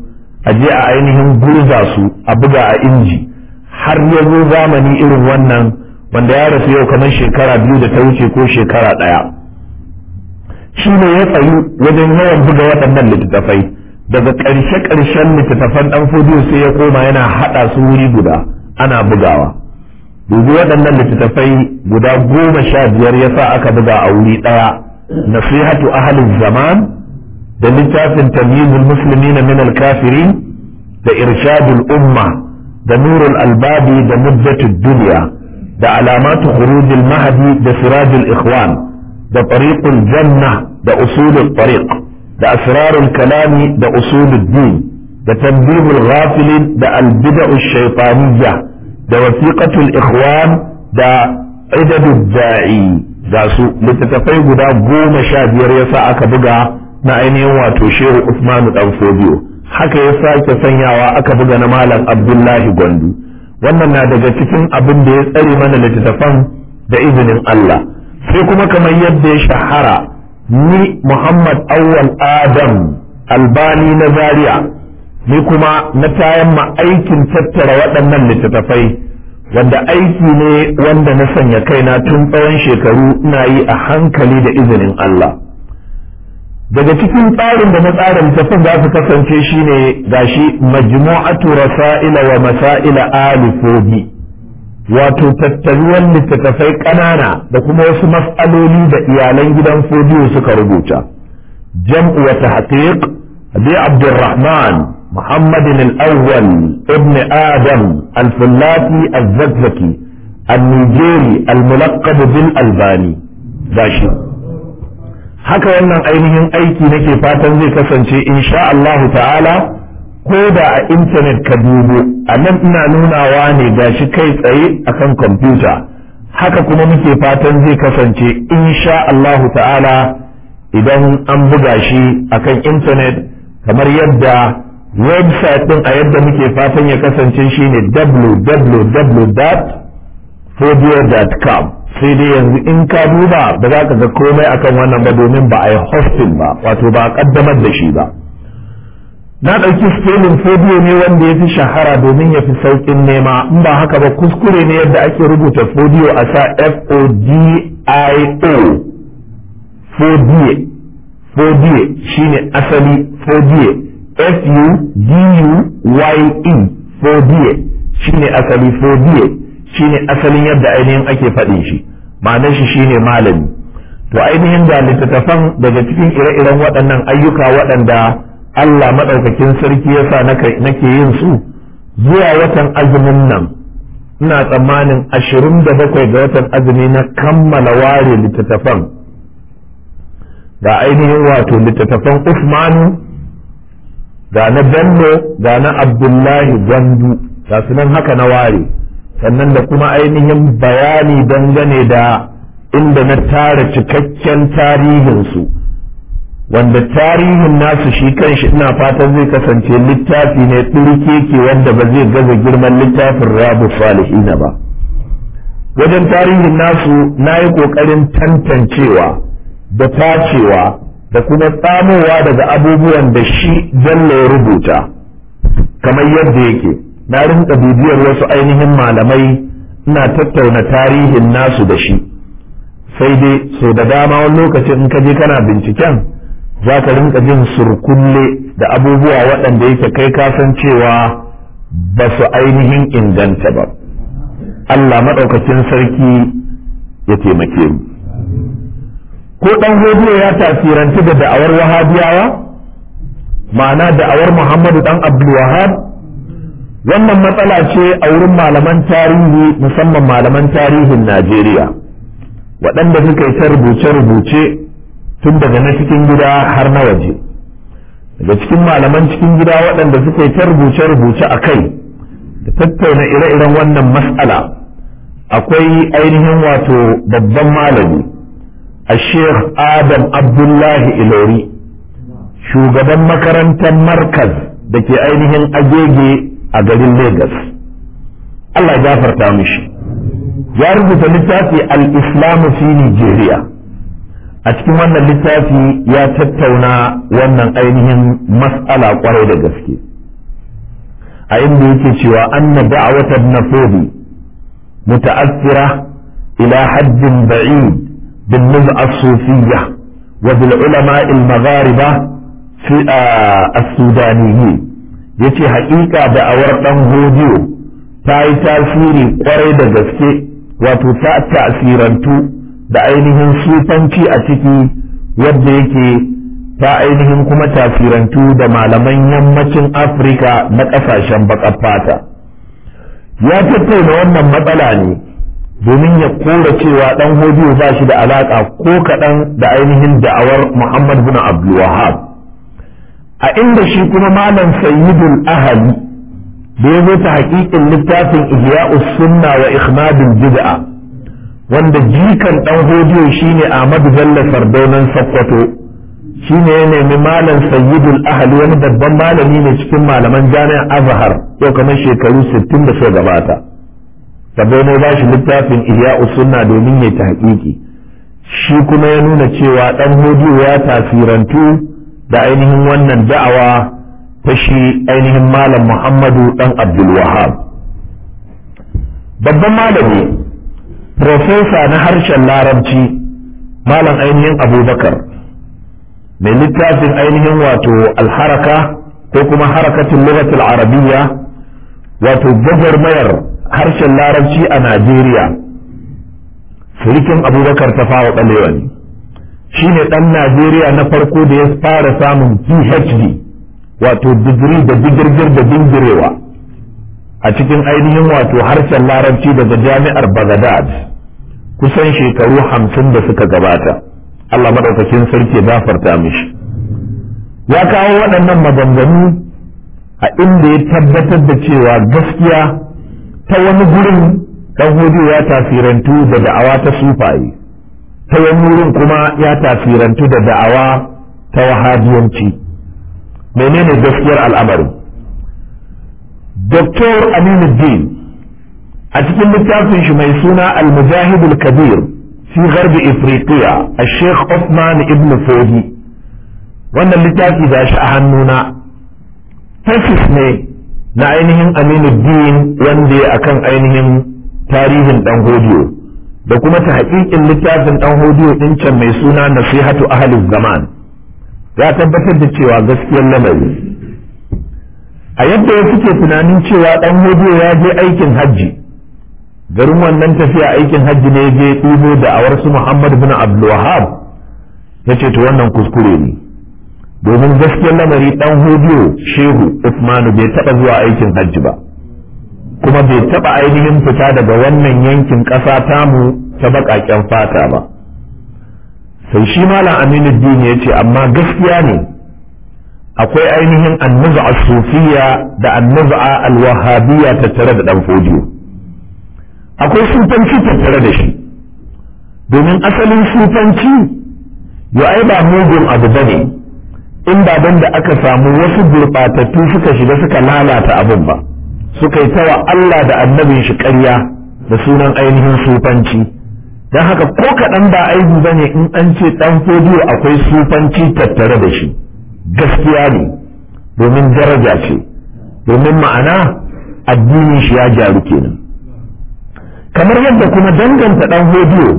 a je a ainihin gurza su a buga a inji har ya zo zamani irin wannan wanda ya rasu yau kamar shekara biyu da ta wuce ko shekara ɗaya shi ne ya tsayu wajen yawan buga waɗannan littattafai daga ƙarshe-ƙarshen littattafan ɗan hudu sai ya koma yana haɗa su wuri guda ana bugawa dubi waɗannan littattafai guda goma sha biyar ya sa aka buga a wuri ɗaya nasihatu ahalin zaman da littafin tamyizul musulmi na minal kafiri da irshadul umma da nurul albabi da muddatul duniya da alamatu khurujil mahadi da sirajul ikhwan da tariqul janna da usulul tariq da asrarul kalami da usulul din da tanbihul ghafilin da albida'u shaytaniyya da wasiqatul ikhwan da idadud da'i ga su littattafai guda goma sha biyar yasa aka buga na ainihin wato shehu Usmanu dan Fodio haka ya sake sanyawa aka buga na malam Abdullahi Gwandu wannan na daga cikin abin da ya tsare mana littattafan da izinin Allah sai kuma kamar yadda ya shahara ni Muhammad Awwal Adam Albani na Zaria ni kuma na tayan ma aikin tattara waɗannan littattafai wanda aiki ne wanda na sanya kaina tun tsawon shekaru ina yi a hankali da izinin Allah daga cikin tsarin da na tsara littattafan za su kasance shine gashi majmu'atu rasa'ila wa masa'ila alifobi wato tattaruwan littattafai ƙanana da kuma wasu mas'aloli da iyalan gidan fodiyo suka rubuta jam'u wa tahqiq bi abdurrahman محمد الأول ابن آدم الفلاتي الزكزكي النيجيري الملقب بالألباني داشي haka wannan ainihin aiki nake fatan zai kasance insha Allahu ta'ala ko da a intanet ka dubo a nan ina nunawa ne ga shi kai tsaye akan kwamfuta haka kuma muke fatan zai kasance insha Allahu ta'ala idan an buga shi akan intanet kamar yadda website din a yadda muke fatan ya kasance shine www.fodio.com sai dai yanzu in ka duba ba za ka ga komai akan wannan ba domin ba a yi hosting ba wato ba a kaddamar da shi ba na ɗauki spelling fodio ne wanda ya fi shahara domin ya fi sauƙin nema in ba haka ba kuskure ne yadda ake rubuta fodio a sa f-o-d-i-o fodio fodio shine asali fodio f u d u y e shi ne asali shi ne asalin yadda ainihin ake faɗin shi ma'anar shi shi ne malami to ainihin da littattafan daga cikin ire-iren waɗannan ayyuka waɗanda Allah maɗaukakin sarki yasa nake yin su zuwa watan azumin nan ina tsammanin ashirin da bakwai ga watan azumi na kammala ware littattafan ga ainihin wato littattafan Usmanu ga na bello ga na abdullahi gwandu ga su nan haka na ware sannan da kuma ainihin bayani dangane da inda na tara cikakken tarihinsu wanda tarihin nasu shi kanshi ina fatan zai kasance littafi ne ke wanda ba zai gaza girman littafin rabu salihina ba wajen tarihin nasu na yi ƙoƙarin tantancewa da tacewa da kuma tsamowa daga abubuwan da shi jalla ya rubuta kamar yadda yake na rinka bibiyar wasu ainihin malamai ina tattauna tarihin nasu da shi sai dai sau da dama wani lokaci in ka je kana binciken za ka rinka jin surkulle da abubuwa waɗanda yake kai ka san cewa ba su ainihin inganta ba Allah maɗaukacin sarki ya taimake mu ko dan hodiya ya tasiranci da da'awar wahabiyawa ma'ana da'awar muhammadu dan abdul wahab wannan matsala ce a wurin malaman tarihi musamman malaman tarihin najeriya waɗanda suka yi ta rubuce tun daga na cikin gida har na waje daga cikin malaman cikin gida waɗanda suka yi ta rubuce-rubuce a kai da tattauna ire-iren wannan matsala akwai ainihin wato babban malami a shekh adam abdullahi ilori shugaban makarantar markaz da ke ainihin agege a garin Legas. Allah ya gafarta mishi ya rubuta littafi al-islamu fi nigeria a cikin wannan littafi ya tattauna wannan ainihin mas'ala kwarai da gaske a inda yake cewa anna da'awat ibn fudi muta'assira ila haddin ba'id wa بالنزعة الصوفية وبالعلماء a في السودانيين yace haƙiƙa da awar ɗan hodiyo ta yi tasiri ƙwarai da gaske wato ta tasirantu da ainihin sufanci a ciki wadda yake ta ainihin kuma tasirantu da malaman yammacin afirka na ƙasashen baƙar fata ya tattauna wannan matsala ne domin ya kora cewa dan hodiyo ba shi da alaka ko kaɗan da ainihin da'awar muhammad bin abdulwahab a inda shi kuma malam sayyidul ahali da ya zo ta haƙiƙin littafin ihya'us sunna wa ikhmadul bid'a wanda jikan dan hodiyo shine ahmad bello sardaunan sakkwato shine ya nemi malam sayyidul ahali wani babban malami ne cikin malaman jami'an azhar yau kamar shekaru 60 da suka gabata ne ba shi littafin ihya sunna domin ya tahqiqi shi kuma ya nuna cewa dan hodiyo ya tasirantu da ainihin wannan da'awa ta shi ainihin malam muhammadu dan abdulwahab babban malami profesa na harshen larabci malam ainihin abubakar mai littafin ainihin wato alharaka ko kuma harakacin lugatul arabiyya wato gwagwarmayar harshen larabci a najeriya surikin abubakar ta fara ɓalewa ne shi ne ɗan najeriya na farko da ya fara samun phd wato digiri da digirgir da dingirewa a cikin ainihin wato harshen larabci daga jami'ar bagadad kusan shekaru hamsin da suka gabata allah maɗaukakin sarki gafarta mishi ya kawo waɗannan maganganu a inda ya tabbatar da cewa gaskiya ta wani gurin dan hudu ya tasirantu da da'awa ta sufaye ta wani wurin kuma ya tafirantu da da'awa ta wahabiyanci menene gaskiyar al'amari Dr. Aminuddin a cikin littafin shi mai suna al-mujahidul kabir fi Garbi ifriqiya a sheikh Osman ibn Fodi wannan littafi da shi a hannuna tafis ne na ainihin Aminu din wanda ya akan ainihin tarihin dan hodiyo da kuma ta haƙiƙin littafin dan hodiyo din can mai suna nasihatu ahalin zaman ya tabbatar da cewa gaskiyar lamari a yadda ya suke tunanin cewa dan hodiyo ya je aikin hajji garin wannan tafiya aikin hajji ne ya je ɗibo da awar su Muhammad bin Abdul Wahab yace to wannan kuskure ne domin gaskiyar lamari dan hudiyo shehu usmanu bai taba zuwa aikin hajji ba kuma bai taba ainihin fita daga wannan yankin ƙasa mu ta baƙaƙen fata ba sai shi malam aminu dini ya ce amma gaskiya ne akwai ainihin annaza'a sufiya da annaza'a alwahabiya tattare da dan fodiyo akwai sufanci tattare da shi domin asalin sufanci ya ai ba mugun abu bane in ba dan da aka samu wasu gurɓatattu suka shiga suka lalata abin ba suka yi tawa Allah da annabin shi ƙarya da sunan ainihin sufanci don haka ko kaɗan ba aibu bane in an ce ɗan fodiyo akwai sufanci tattare da shi gaskiya ne domin daraja ce domin ma'ana addinin shi ya gyaru kenan kamar yadda kuma danganta ɗan fodiyo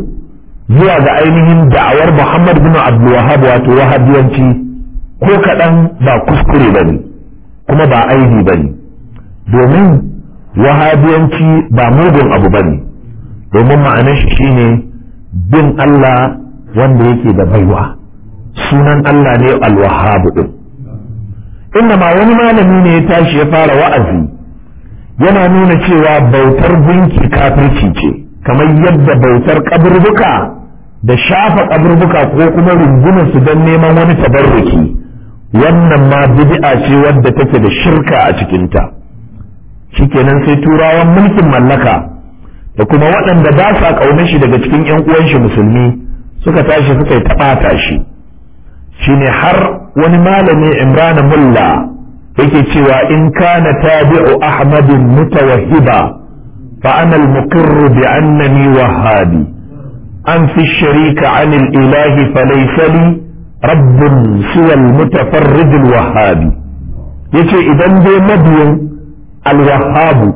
zuwa ga ainihin da'awar Muhammad bin Abdul wato wahabiyanci ko kaɗan ba kuskure ba kuma ba aini ba domin wahabiyanci ba mugun abu ba domin ma'anar shi shine bin Allah wanda yake da baiwa sunan Allah ne alwahabu din inna ma wani malami ne ya tashi ya fara wa'azi yana nuna cewa bautar gunki kafirci ce kamar yadda bautar kaburbuka da shafa kaburbuka ko kuma runguna don neman wani tabarruki wannan ma bid'a ce wadda take da shirka a cikinta shikenan sai turawan mulkin mallaka da kuma waɗanda ba sa ƙaunar shi daga cikin ƴan uwan shi musulmi suka tashi suka yi taɓata shi shine har wani malami imran mulla yake cewa in kana tabi'u ahmadin mutawahhiba fa ana al-muqirr bi annani wahhabi an fi sharika 'an al-ilahi falaysa li rabbun suwal mutafarrijul wahabi yace idan dai mabiyin alwahabu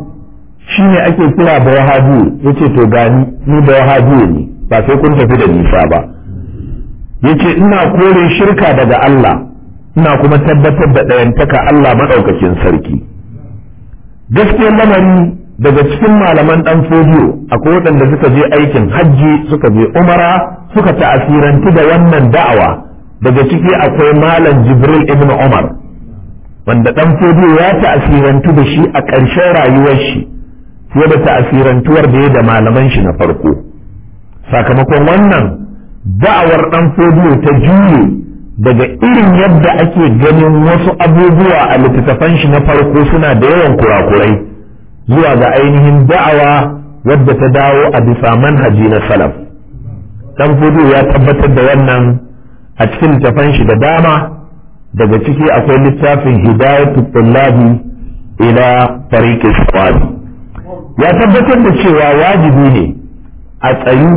shine ake kira da wahabi yace to gani ni da wahabi ne ba sai kun tafi da nisa ba yace ina kore shirka daga Allah ina kuma tabbatar da dayantaka Allah maɗaukakin sarki gaskiyar lamari daga cikin malaman ɗan fodiyo akwai waɗanda suka je aikin hajji suka je umara suka ta'asirantu da wannan da'awa daga ciki akwai malam jibril ibn umar wanda dan fodiyo ya ta'asirantu da shi a ƙarshen rayuwar shi fiye da ta'asirantuwar da ya da malaman shi na farko sakamakon wannan da'awar dan fodiyo ta juye daga irin yadda ake ganin wasu abubuwa a littattafan shi na farko suna da yawan kurakurai zuwa ga ainihin da'awa wadda ta dawo a bisa manhaji na salaf dan fodiyo ya tabbatar da wannan a cikin littafan shi da dama daga ciki akwai littafin hidayatu tullabi ila tariqi ya tabbatar da cewa wajibi ne a tsayu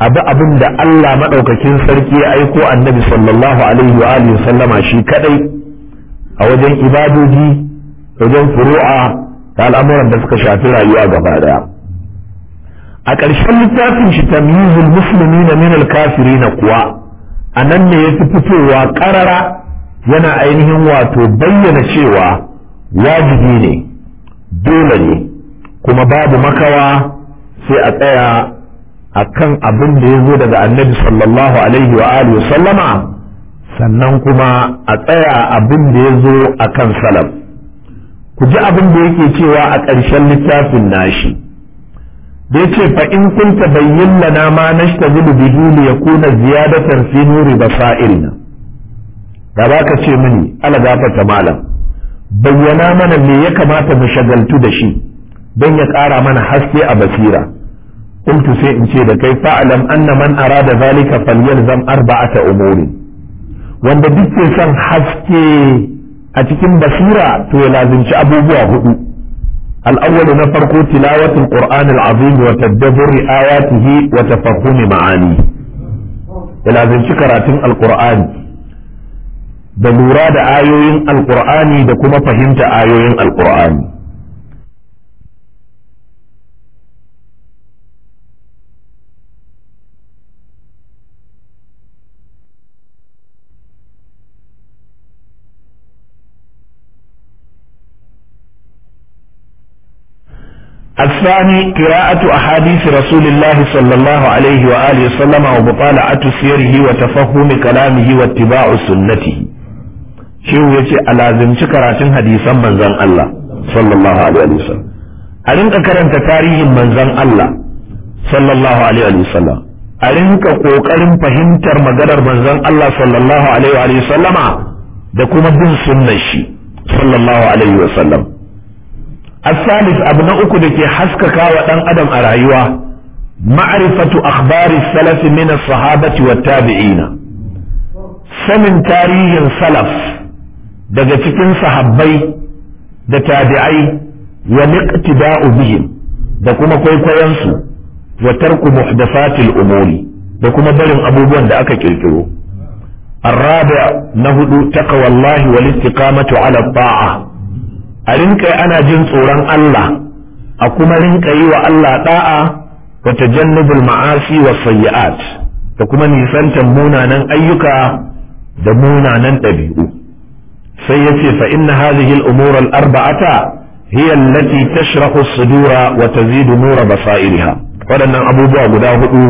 abu abin da Allah madaukakin sarki ya aiko annabi sallallahu alaihi wa alihi sallama shi kadai a wajen ibadoji wajen furu'a da al'amuran da suka shafi rayuwa gaba daya a ƙarshen littafin shi tamyizul muslimina min al Kafirina kuwa a nan ne ya fi fitowa ƙarara yana ainihin wato bayyana cewa wajibi ne dole ne kuma babu makawa sai a tsaya a kan abin da ya zo daga annabi sallallahu alaihi wa alihi sallama sannan kuma a tsaya abin da ya zo a kan salaf ku ji abin da yake cewa a ƙarshen littafin nashi da yace fa in kunta bayyana na ma nashtazilu bihi li yakuna ziyadatan fi nuri basairina da ba ka ce mini ala ta malam bayyana mana me ya kamata mu shagaltu da shi don ya ƙara mana haske a basira qultu sai in ce da kai fa'lam anna man arada zalika arba'a arba'ata umuri wanda duk ke son haske a cikin basira to ya lazimci abubuwa hudu الأول نفرق تلاوة القرآن العظيم وتدبر آياته وتفهم معانيه إلى ذي شكرة القرآن da lura da ayoyin alkur'ani da kuma fahimta ayoyin alkur'ani الثاني قراءة أحاديث رسول الله صلى الله عليه وآله وسلم ومطالعة سيره وتفهم كلامه واتباع سنته شو يجي على ذنب كراتين حديثا من زن الله صلى الله عليه وسلم أرنك كرنت تاريخ من زن الله صلى الله عليه وسلم أرنك قوكرم فهمتر مقدر من زن الله صلى الله عليه وآله وسلم da kuma bin sunnar shi sallallahu alaihi wasallam asalis abu na uku da ke haskaka wa ɗan adam a rayuwa ma'rifatu akhbari salafi min sahabati wa tabi'ina sanin tarihin salaf daga cikin sahabbai da tabi'ai wa liqtida'u bihim da kuma kwaikwayon su wa tarku muhdathatil umuri da kuma barin abubuwan da aka kirkiro الرابع نهدو تقوى الله والاستقامة على الطاعة a rinka ana jin tsoron Allah a kuma rinka yi wa Allah da'a wa tajannubul ma'asi wa sayyi'at da kuma nisantar munanan ayyuka da munanan ɗabi'u sai yace fa inna hadhihi al-umur al-arba'ata hiya allati tashrahu as-sudura wa tazidu nura basairiha waɗannan abubuwa guda hudu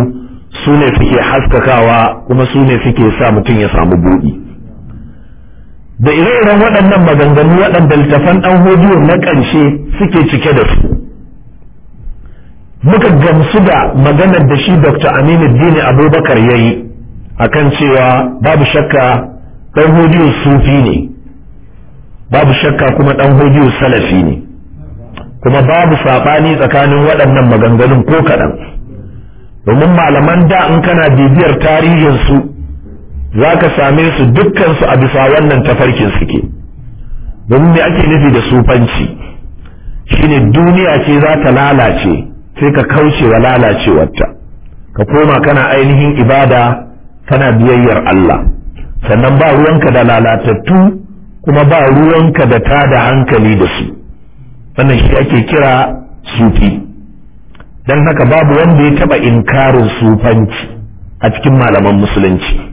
su ne suke haskakawa kuma su ne suke sa mutum ya samu buɗi da ire-iren waɗannan maganganu waɗanda littafan ɗan hodiyo na ƙarshe suke cike da su muka gamsu da maganar da shi dr aminu dini abubakar ya yi a kan cewa babu shakka ɗan hodiyo sufi ne babu shakka kuma ɗan hodiyo salafi ne kuma babu saɓani tsakanin waɗannan maganganun ko kaɗan domin malaman da in kana bibiyar tarihinsu za ka same su dukkansu a bisa wannan tafarkin suke domin me ake nufi da sufanci shine duniya ce za ta lalace sai ka kauce wa lalacewarta ka koma kana ainihin ibada kana biyayyar Allah sannan ba ruwanka da lalatattu kuma ba ruwanka da ta da hankali da su wannan shi ake kira sufi don haka babu wanda ya taba inkarin sufanci a cikin malaman musulunci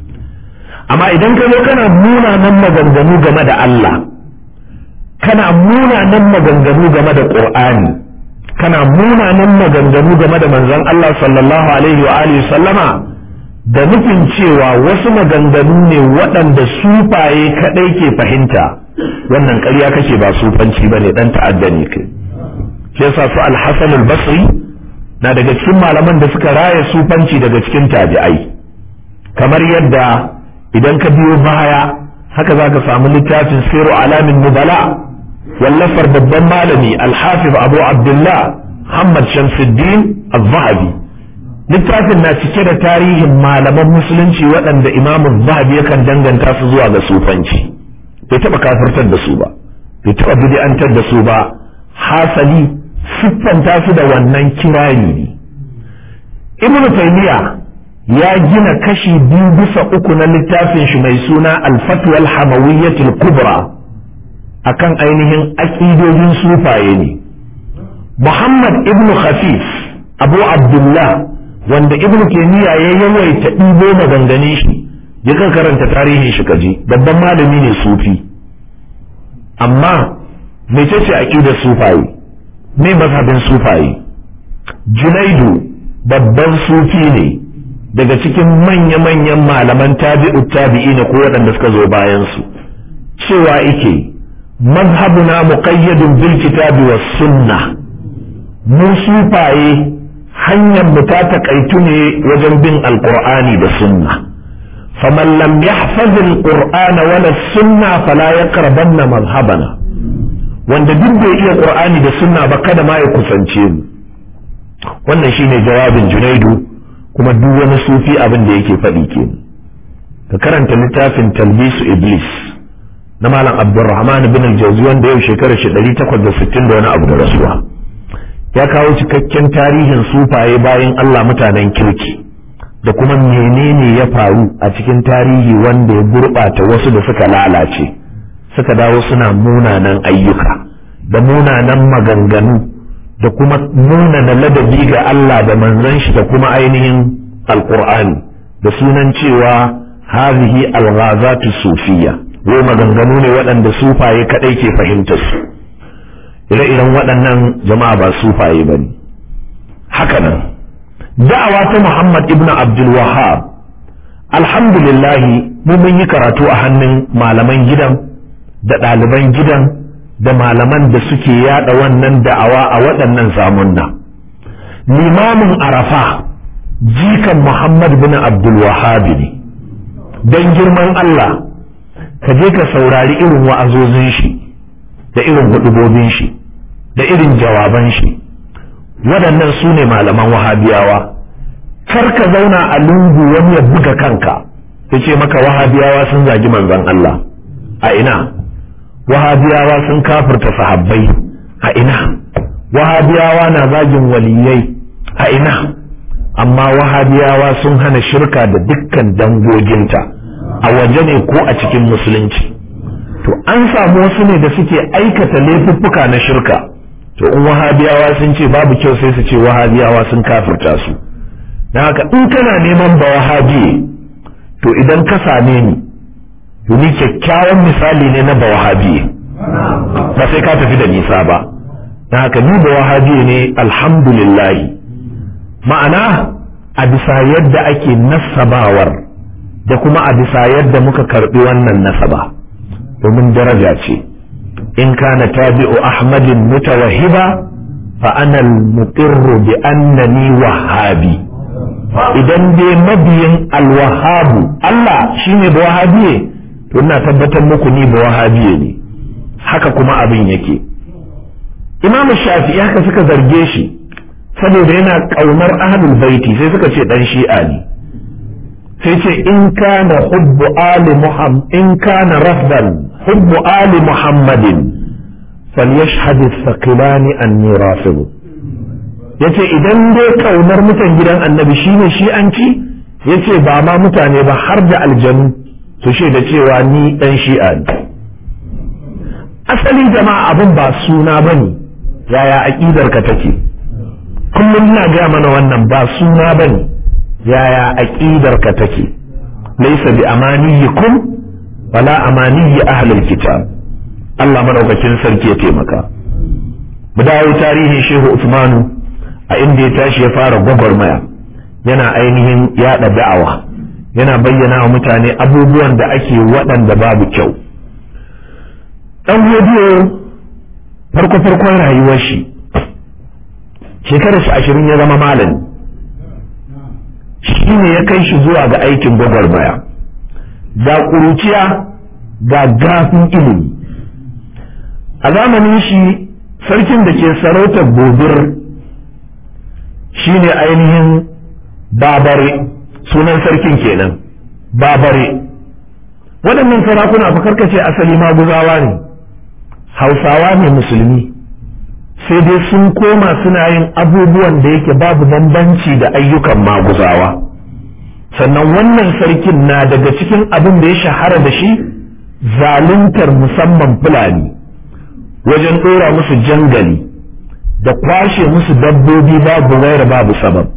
amma idan ka zo kana munanan maganganu game da Allah kana munanan maganganu game da Qur'ani kana munanan maganganu game da manzon Allah sallallahu alaihi wa alihi sallama da nufin cewa wasu maganganu ne waɗanda sufaye kaɗai ke fahimta wannan ƙarya kake ba sufanci ba ne ta'adda ne kai shi su Alhassanul Basri na daga cikin malaman da suka raya sufanci daga cikin tabi'ai kamar yadda idan ka biyo baya haka za ka samu littafin siru alamin nubala wallafar babban malami alhafiz abu abdullah muhammad shamsuddin al-zahabi littafin na cike da tarihin malaman musulunci waɗanda imamu zahabi yakan danganta su zuwa ga sufanci bai taɓa kafirtar da su ba bai taɓa bidi'antar da su ba hasali siffanta su da wannan kirari ne ibnu taymiya ya gina kashi biyu bisa uku na littafin shi mai suna alfatwal hamawiyyatul kubra akan ainihin aƙidojin sufaye ne muhammad ibn khafif abu abdullah wanda ibn kemiya ya yawaita ɗibo magangane shi ya kan karanta tarihin shi kaji babban malami ne sufi amma mecece aƙidar sufaye me mazhabin sufaye junaidu babban sufi ne daga cikin manya-manyan malaman tabi'u, tabi'i, na ko waɗanda suka zo bayansu. cewa ike mazhabuna muqayyadun bil kitabi was sunna mu sufaye hanyar mu ta takaitu ne wajen bin alqur'ani da sunna faman lam yahfaz alqur'ana wala sunna fala yaqrabanna mazhabana wanda duk bai iya qur'ani da sunna ba kada ma ya kusance mu wannan shine jawabin junaidu kuma duk wani sufi abin da yake faɗi ke ka karanta littafin talbisu iblis na malam abdurrahman bin aljawzi wanda yau shekarar shi ɗari sittin da wani abu da rasuwa ya kawo cikakken tarihin sufaye bayan Allah mutanen kirki da kuma menene ya faru a cikin tarihi wanda ya gurɓata wasu da suka lalace suka dawo suna munanan ayyuka da munanan maganganu da kuma nuna na ladabi ga Allah da manzon shi da kuma ainihin alkur'ani da sunan cewa hazihi alghazatu sufiyya wai maganganu ne waɗanda sufaye kaɗai ke fahimtar su ire-iren waɗannan jama'a ba sufaye ne. haka nan da'awa ta Muhammad ibn Abdul Wahhab alhamdulillah mu mun yi karatu a hannun malaman gidan da ɗaliban gidan da malaman da suke yada wannan da'awa a waɗannan zamunna limamin arafa jikan muhammad bin Abdulwahabi ne don girman allah ka je ka saurari irin wa'azozin shi da irin hudubobin shi da irin jawaban shi waɗannan su ne malaman wahabiyawa kar ka zauna a lungu wani ya buga kanka ya ce maka wahabiyawa sun zagi manzon allah a ina wahabiyawa sun kafirta sahabbai a ina wahabiyawa na zagin waliyai a ina amma wahabiyawa sun hana shirka da dukkan dangoginta a waje ne ko a cikin musulunci to an samu wasu ne da suke aikata laifuffuka na shirka to in wahabiyawa sun ce babu kyau sai su ce wahabiyawa sun kafirta su na haka in kana neman ba wahabi to idan ka same ni domin kyakkyawan misali ne na Bawahabiye. ba sai ka tafi da nisa ba na haka ni Bawahabiye ne alhamdulillahi ma'ana a bisa yadda ake nasabawar da kuma a bisa yadda muka karbi wannan nasaba domin daraja ce in kana tabi'u ahmadin mutawahiba fa ana al-muqirru bi annani wahhabi idan dai mabiyin al Allah shine Bawahabiye? to ina tabbatar muku ni ba wahabiye ne haka kuma abin yake imam shafi'i haka suka zarge shi saboda yana ƙaunar ahlul baiti sai suka ce dan shi'a ne sai ce in kana hubbu ali muhammad in kana rafdan hubbu ali muhammadin falyashhad athqilani yace idan dai kaunar mutan gidan annabi shine shi'anci yace ba ma mutane ba har da aljanu su da cewa ni ɗan shi'a ne asali jama'a abin ba suna ne. yaya aqidar take kullum ina gaya mana wannan ba suna ne. yaya aqidar ka take laysa bi kun wala amaniyi ahlul kitab Allah madaukakin sarki ya taimaka mu dawo tarihin Shehu Usmanu a inda ya tashi ya fara gwagwarmaya yana ainihin yaɗa da'awa yana bayyana wa mutane abubuwan da ake waɗanda babu kyau ɗan hudu farko-farkon rayuwar shi shekarar shi ashirin ya zama malami shi ne ya kai shi zuwa ga aikin baya. ga ƙuruciya ga gafin ilimi a zamanin shi sarkin da ke sarautar gobir shi ne ainihin babar. sunan sarkin kenan babare waɗannan sarakuna fa karkace asali maguzawa ne hausawa ne musulmi sai dai sun koma suna yin abubuwan da yake babu bambanci da ayyukan maguzawa sannan wannan sarkin na daga cikin abin da ya shahara da shi zaluntar musamman fulani wajen ɗora musu jangali da kwashe musu dabbobi babu gaira babu sabab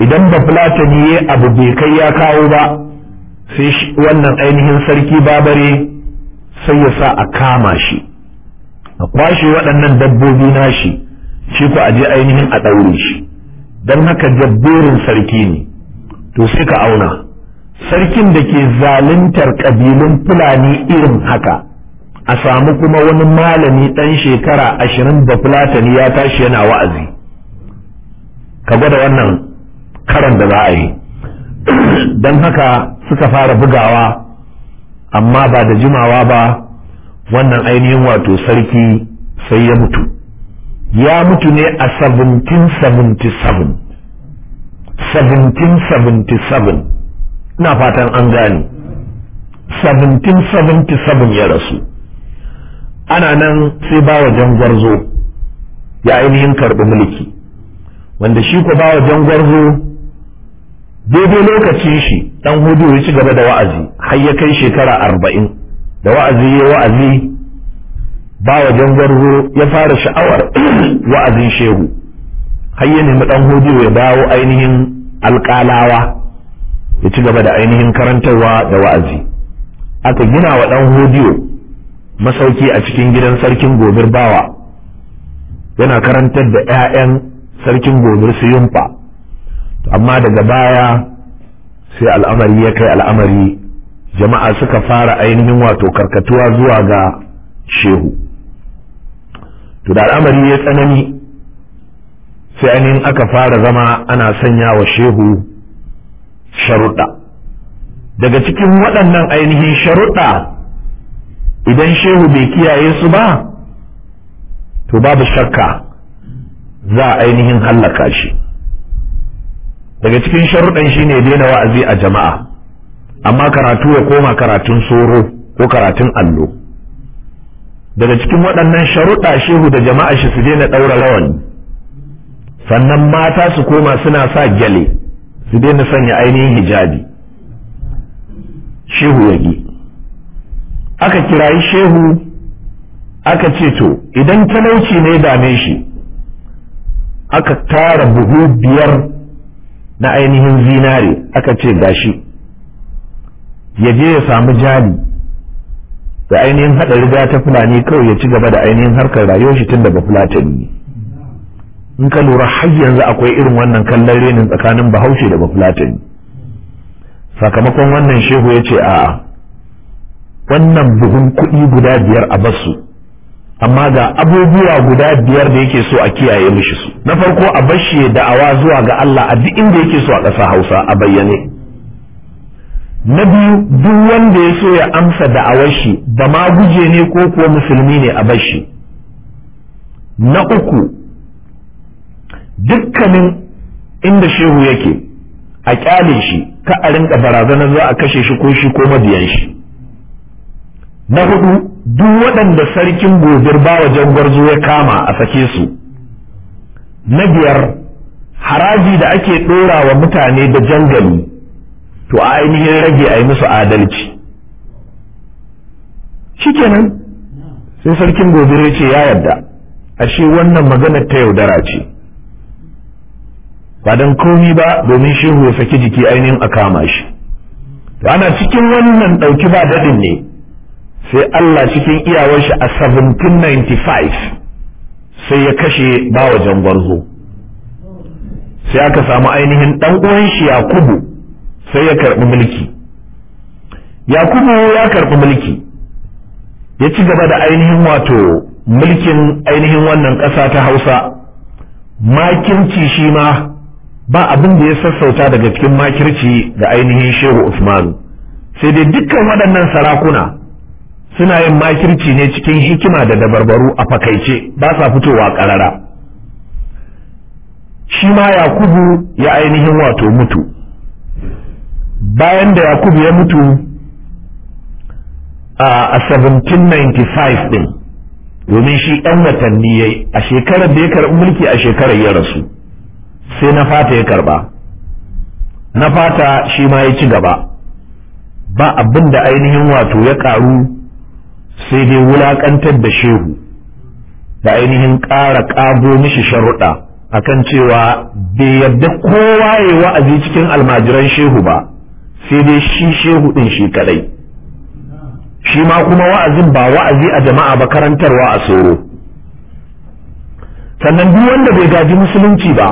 idan ba fulatani ya abu bai kai ya kawo ba sai wannan ainihin sarki babare sai ya sa a kama shi a kwashe waɗannan dabbobi nashi shi ku aje ainihin a ɗaure shi don haka jabberin sarki ne to sai ka auna sarkin da ke zaluntar ƙabilun fulani irin haka a samu kuma wani malami ɗan shekara ashirin da fulatani ya tashi yana wa'azi ka gwada wannan karan da za a yi don haka suka fara bugawa amma ba da jimawa ba wannan ainihin wato sarki sai ya mutu ya mutu ne a 1777 1777 ina fatan an gani 1777 ya rasu ana nan sai ba bawa jangwarzo ya ainihin karɓi mulki wanda shi ku bawa jangwarzo daidai lokacin shi dan hudu ya ci gaba da wa'azi har ya kai shekara arba'in da wa'azi ya wa'azi ba wajen gwarzo ya fara sha'awar *clears throat* wa'azin shehu har ya nemi dan hudu ya dawo ainihin alƙalawa ya ci gaba da ainihin karantarwa da wa'azi aka gina wa dan hudu masauki a cikin gidan sarkin gobir bawa yana karantar da 'ya'yan sarkin gobir su yumfa amma daga baya sai al'amari ya kai al'amari jama'a suka fara ainihin wato karkatuwa zuwa ga shehu to da al'amari ya tsanani sai ainihin aka fara zama ana sanya wa shehu sharuɗa daga cikin waɗannan ainihin sharuɗa idan shehu bai kiyaye su ba to babu shakka za a ainihin hallaka shi daga cikin sharuɗan shine ya daina wa'azi a jama'a amma karatu ya koma karatun soro ko karatun allo daga cikin waɗannan sharuɗa shehu da jama'a shi su daina ɗaura rawani sannan mata su koma suna sa gyale su daina sanya ainihin hijabi shehu ya yagi aka kirayi shehu aka ce to idan talauci ne dame shi aka tara buhu biyar na ainihin zinare aka ce gashi ya je ya samu jari da ainihin haɗa riga ta fulani kawai ya ci gaba da ainihin harkar rayuwar shi tun daga fulatani ne in ka lura har yanzu akwai irin wannan kallon renin tsakanin bahaushe da bafulatani sakamakon wannan shehu ya ce a'a wannan buhun kuɗi guda biyar a basu amma ga abubuwa guda biyar da yake so a kiyaye mishi su na farko a bashi da'awa zuwa ga Allah a duk inda yake so a ƙasa Hausa a bayyane na biyu duk wanda ya so ya amsa da'awar shi ba ma guje ne ko kuwa musulmi ne a bashi na uku dukkanin inda shehu yake a kyale shi ka a rinka barazanar za a kashe shi ko shi ko mabiyan shi na hudu duk waɗanda sarkin gobir ba wajen gwarzo ya kama a sake su na biyar haraji da ake ɗora wa mutane da jangali to a ainihin rage a yi musu adalci shikenan sai sarkin gobe ce ya yarda ashe wannan maganar ta yaudara ce ba don komi ba domin shiru ya saki jiki ainihin a kama shi To ana cikin wannan ɗauki ba daɗin ne sai Allah cikin iyawar shi a 1795 sai ya kashe ba bawa jangwarzo sai aka samu ainihin ɗan uwan shi yakubu sai ya karɓi mulki yakubu ya karɓi mulki ya ci gaba da ainihin wato mulkin ainihin wannan ƙasa ta hausa makirci shi ma ba abin da ya sassauta daga cikin makirci da ainihin shehu usman sai dai dukkan waɗannan sarakuna suna yin makirci ne cikin hikima da dabarbaru a fakaice ba sa fitowa karara shi ma yakubu ya ainihin wato mutu bayan da yakubu ya mutu a 1795 din domin shi ɗan watanni ya a shekarar da ya karɓi mulki a shekarar ya rasu sai na fata ya karɓa na fata shi ma ya ci gaba ba abin da ainihin wato ya ƙaru sai dai wulakantar da shehu da ainihin ƙara ƙago mishi sharuɗa kan cewa bai yadda kowa ya wa'azi cikin almajiran shehu ba sai dai shi shehu ɗin shi kadai shi ma kuma wa'azin ba wa'azi a jama'a ba karantarwa a soro sannan duk wanda bai gaji musulunci ba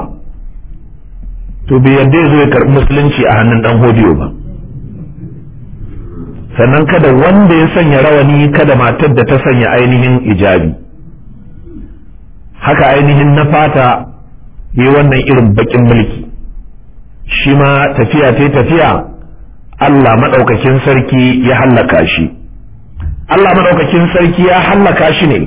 to bai yadda ya zo ya karɓi musulunci a hannun ɗan hodiyo ba sannan kada wanda ya sanya rawani kada matar da ta sanya ainihin ijabi haka ainihin na fata yi wannan irin bakin mulki shi ma tafiya ta tafiya Allah maɗaukakin sarki ya hallaka shi Allah maɗaukakin sarki ya hallaka shi ne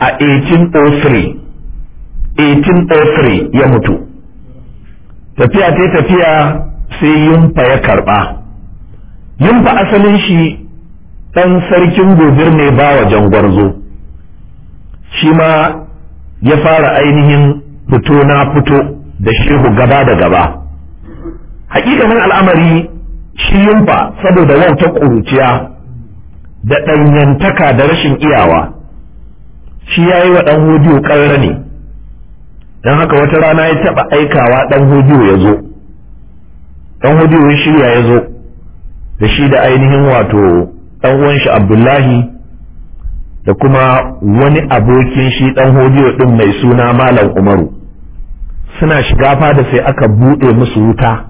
a 1803 1803 ya mutu tafiya ta tafiya sai yumfa ya karɓa yin fa asalin shi ɗan sarkin gobir ne ba wa jangwarzo shi ma ya fara ainihin fito na fito da shehu gaba da gaba hakikanin al'amari shi yumfa saboda wautar ƙuruciya da ɗanyantaka da rashin iyawa shi ya yi wa ɗan hodiyo ƙarar ne don haka wata rana ya taɓa aikawa ɗan hodiyo ya zo ɗan hodiyo ya shirya ya zo da shi da ainihin wato ɗan uwan shi abdullahi da kuma wani abokin shi ɗan hodiyo ɗin mai suna malam umaru suna shiga fa da sai aka buɗe musu wuta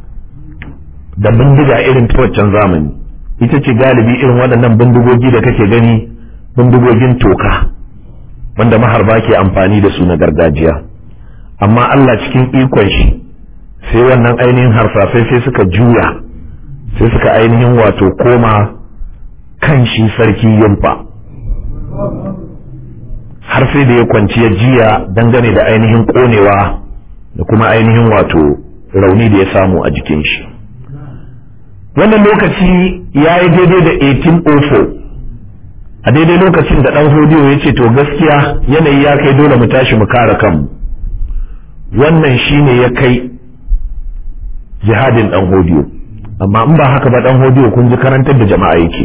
da bindiga irin ta waccan zamani ita ce galibi irin waɗannan bindigogi da kake gani bindigogin toka wanda maharba ke amfani da su na gargajiya amma Allah cikin ikon shi sai wannan ainihin harsasai sai suka juya sai suka ainihin wato koma kan shi sarki yumfa har sai da ya kwanci ya jiya dangane da ainihin konewa da kuma ainihin wato rauni da ya samu a jikin shi wannan lokaci ya yi daidai da 1804 a daidai lokacin da ɗan hodiyo ya ce to gaskiya yanayi ya kai dole mu tashi mu kare kanmu wannan shine ya kai jihadin ɗan hodiyo amma in ba haka ba dan hodiyo kun ji karantar da jama'a yake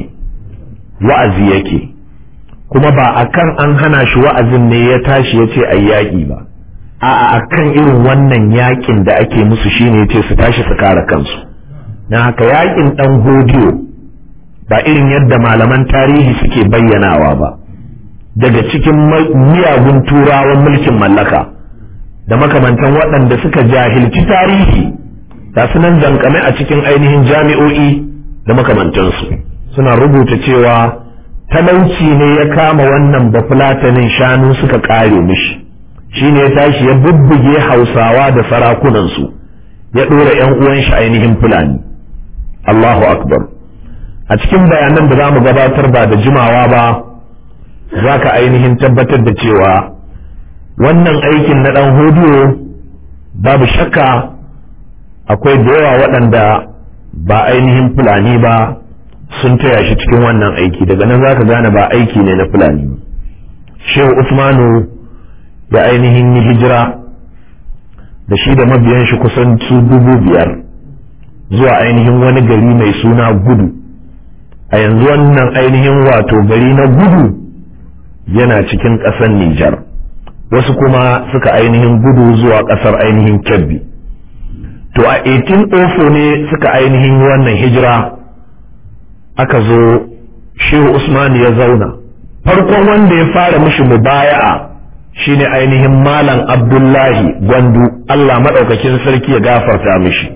wa'azi yake kuma ba akan an hana shi wa'azin ne ya tashi ya ce ai yaƙi ba a'a akan irin wannan yaƙin da ake musu shine ne ce su tashi su kare kansu na haka yaƙin dan hodiyo ba irin yadda malaman tarihi suke bayyanawa ba daga cikin miyagun turawan mulkin mallaka da makamantan waɗanda suka jahilci tarihi ga su nan dankame a cikin ainihin jami'o'i da makamantansu suna rubuta cewa talauci ne ya kama wannan bafulatanin shanu suka kare mishi ne ya tashi ya bubbuge hausawa da sarakunansu ya ɗora 'yan uwan shi ainihin fulani Allahu akbar a cikin bayanan da za mu gabatar ba da jimawa ba za ka ainihin tabbatar da cewa wannan aikin na ɗan hudu babu shakka akwai da yawa waɗanda ba ainihin fulani ba sun taya shi cikin wannan aiki daga nan za ka gane ba aiki ne na fulani ba shehu usmanu da ainihin yi hijira da shi da mabiyan shi kusan su dubu biyar zuwa ainihin wani gari mai suna gudu a yanzu wannan ainihin wato gari na gudu yana cikin ƙasar Nijar wasu kuma suka ainihin gudu zuwa ƙasar ainihin Kebbi to a 1804 ne suka ainihin wannan hijira aka zo shehu usman ya zauna farkon wanda ya fara mishi mubaya'a shine ainihin malam abdullahi gwandu allah maɗaukakin sarki ya gafarta mishi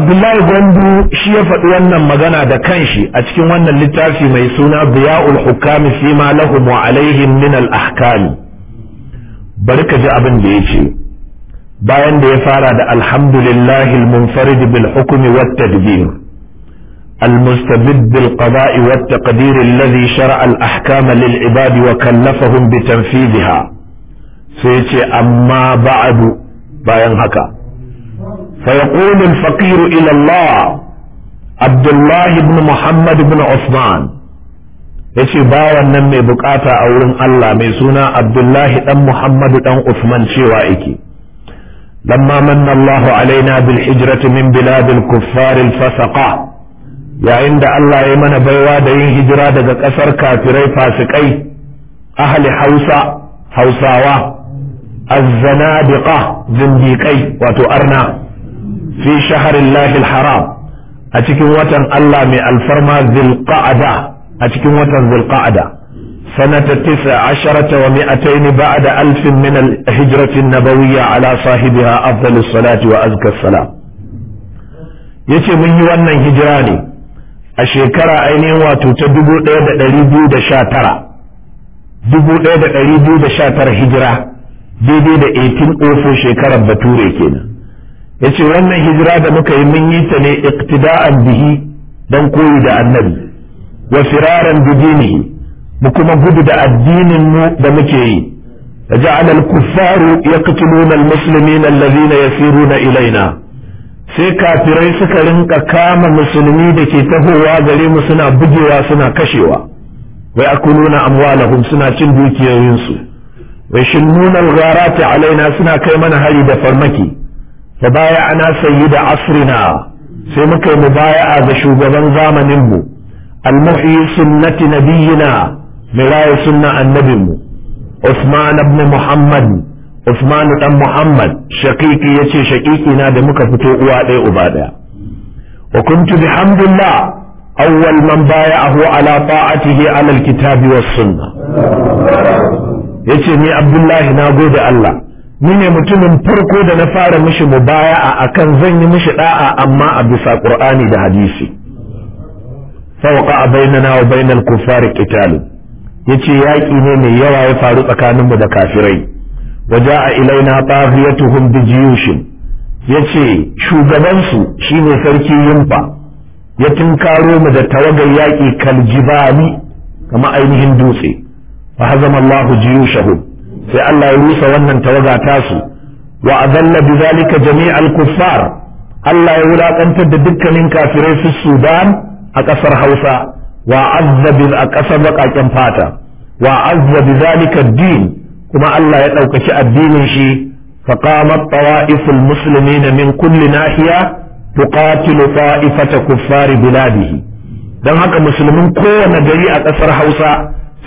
abdullahi gwandu shi ya faɗi wannan magana da kanshi a cikin wannan littafi mai suna biya'ul hukami fi ma lahum wa alaihim min al ahkami bari ka ji abin da ya ce bayan da ya fara da alhamdulillahi almunfarid bil hukmi wat tadbir المستبد بالقضاء والتقدير الذي شرع الأحكام للعباد وكلفهم بتنفيذها سيتي أما بعد باين هكا فيقول الفقير إلى الله عبد الله بن محمد بن عثمان yace bawan nan mai bukata a wurin Allah mai suna Abdullahi dan Muhammadu dan Uthman cewa yake لما من الله علينا بالهجرة من بلاد الكفار الفسقة يا عند الله يمن بيوا دين هجرة دقا قصر كافري فاسقي أهل حوسا حوساوا الزنادقة زنديقي وتؤرنا في شهر الله الحرام أتكي وطن الله من الفرما ذي القعدة أتكي وطن ذي القعدة سنة تسع عشرة ومئتين بعد ألف من الهجرة النبوية على صاحبها أفضل الصلاة وأزكى السلام yace mun yi wannan hijira ne a shekara ainihin wato ta dubu ɗaya da ɗari biyu da sha tara dubu ɗaya da ɗari biyu da sha tara hijira daidai da 1804 shekarar bature kenan yace wannan hijira da muka yi mun yi ta ne iqtida'an bihi dan koyi da annabi wa firaran mu kuma gudu da addinin mu da muke yi فجعل الكفار يقتلون المسلمين الذين na ilaina. sai kafirai suka rinka kama musulmi da ke tahowa gare mu suna bugewa suna kashewa wai akuluna amwalahum suna cin dukiyoyinsu wai shinnuna al-gharati alaina suna kai mana hari da farmaki fa baya ana sayi da asrina sai muka yi mubaya'a ga shugaban zamanin mu al-muhyi na nabiyina mai raya sunna annabinmu Usman ibn Muhammad Usman dan Muhammad shaqiqi yace shaqiqi na da muka fito uwa ɗaya uba ɗaya wa kuntu bihamdillah baya a bay'ahu alafa ta'atihi ala alkitabi was sunna yace ni Abdullahi na gobe Allah ni ne mutumin farko da na fara mishi mu baya akan zan yi mishi da'a amma a bisa Qur'ani da hadisi fawqa bainana wa bainal kuffari itali. yace yaƙi ne mai yawa ya faru tsakaninmu da kafirai a ilaina tahiyatuhum ya yace shugabansu shine sarki yunfa ya tinkaro mu da tawagar yaƙi kaljibali kama ainihin dutse fa hazama Allah jiyushahum sai Allah ya rusa wannan tawaga tasu wa adalla zalika jami'al kuffar Allah ya wulakantar da dukkanin kafirai su Sudan a ƙasar Hausa wa a ƙasar baƙaƙen fata wa azza bi zalika kuma Allah ya ɗaukaci addinin shi fa qamat tawaiful muslimina min kulli nahiya tuqatilu ta'ifata kuffari biladihi don haka musulmin kowane gari a ƙasar Hausa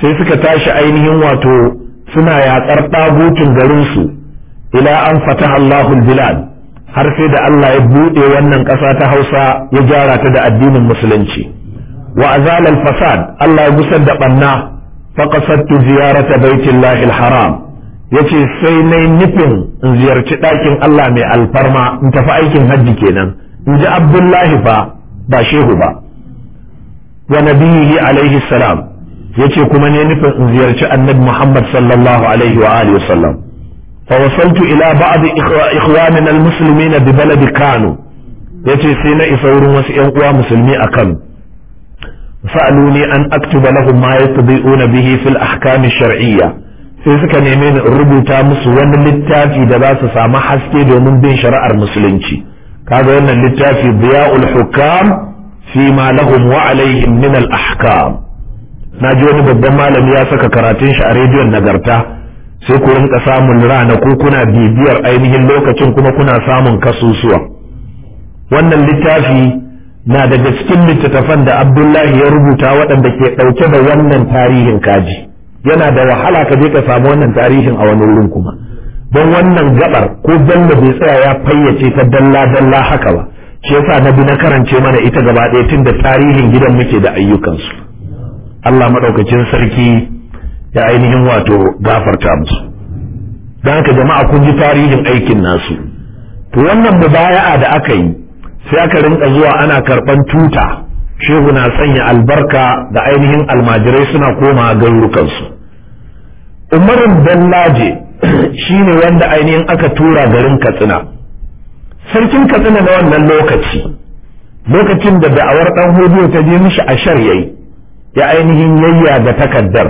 sai suka tashi ainihin wato suna yatsar ɗagutun garinsu ila an fataha Allahul bilad har sai da Allah ya buɗe wannan ƙasa ta Hausa ya gyara ta da addinin musulunci wa fasad Allah ya gusar da banna fa qasadtu ziyarata baitillahi al-haram yace sai nai nufin in ziyarci ɗakin Allah mai alfarma in tafi aikin hajji kenan in ji Abdullahi fa ba shehu ba wa nabiyyi alaihi salam yace kuma ne nufin in ziyarci annabi Muhammad sallallahu alaihi wa alihi wasallam fa wasaltu ila ba'd musulmi al-muslimina bi baladi Kano yace sai na isa wurin wasu yan uwa musulmi a Kano sa'aluni an aktuba lahum ma yastadi'una bihi fil ahkam shar'iyya sai suka neme ni rubuta musu wani littafi da za su samu haske domin bin shari'ar musulunci kaga wannan littafi biya'ul hukam fi ma lahum wa alaihim min al ahkam na ji wani babban malami ya saka karatun shi a rediyon nagarta sai ku rinka samun ko kuna bibiyar ainihin lokacin kuma kuna samun kasusuwa wannan littafi na daga cikin littattafan da abdullahi ya rubuta waɗanda ke ɗauke da wannan tarihin kaji yana da wahala ka je ka samu wannan tarihin a wani wurin kuma don wannan gabar ko bello bai tsaya ya fayyace ta dalla dalla haka ba shi yasa na bi na karance mana ita gaba ɗaya tun da tarihin gidan muke da ayyukansu Allah maɗaukacin sarki ya ainihin wato gafarta musu don haka jama'a kun ji tarihin aikin nasu to wannan mubaya'a da aka yi sai aka rinka zuwa ana karban tuta shehu na sanya albarka da ainihin almajirai suna koma garurukansu umarin dallaje *clears throat* ne wanda ainihin aka tura garin katsina sarkin katsina na wannan lokaci lokacin da da'awar dan hudu ta je mishi a yayi ya ainihin yayya da takaddar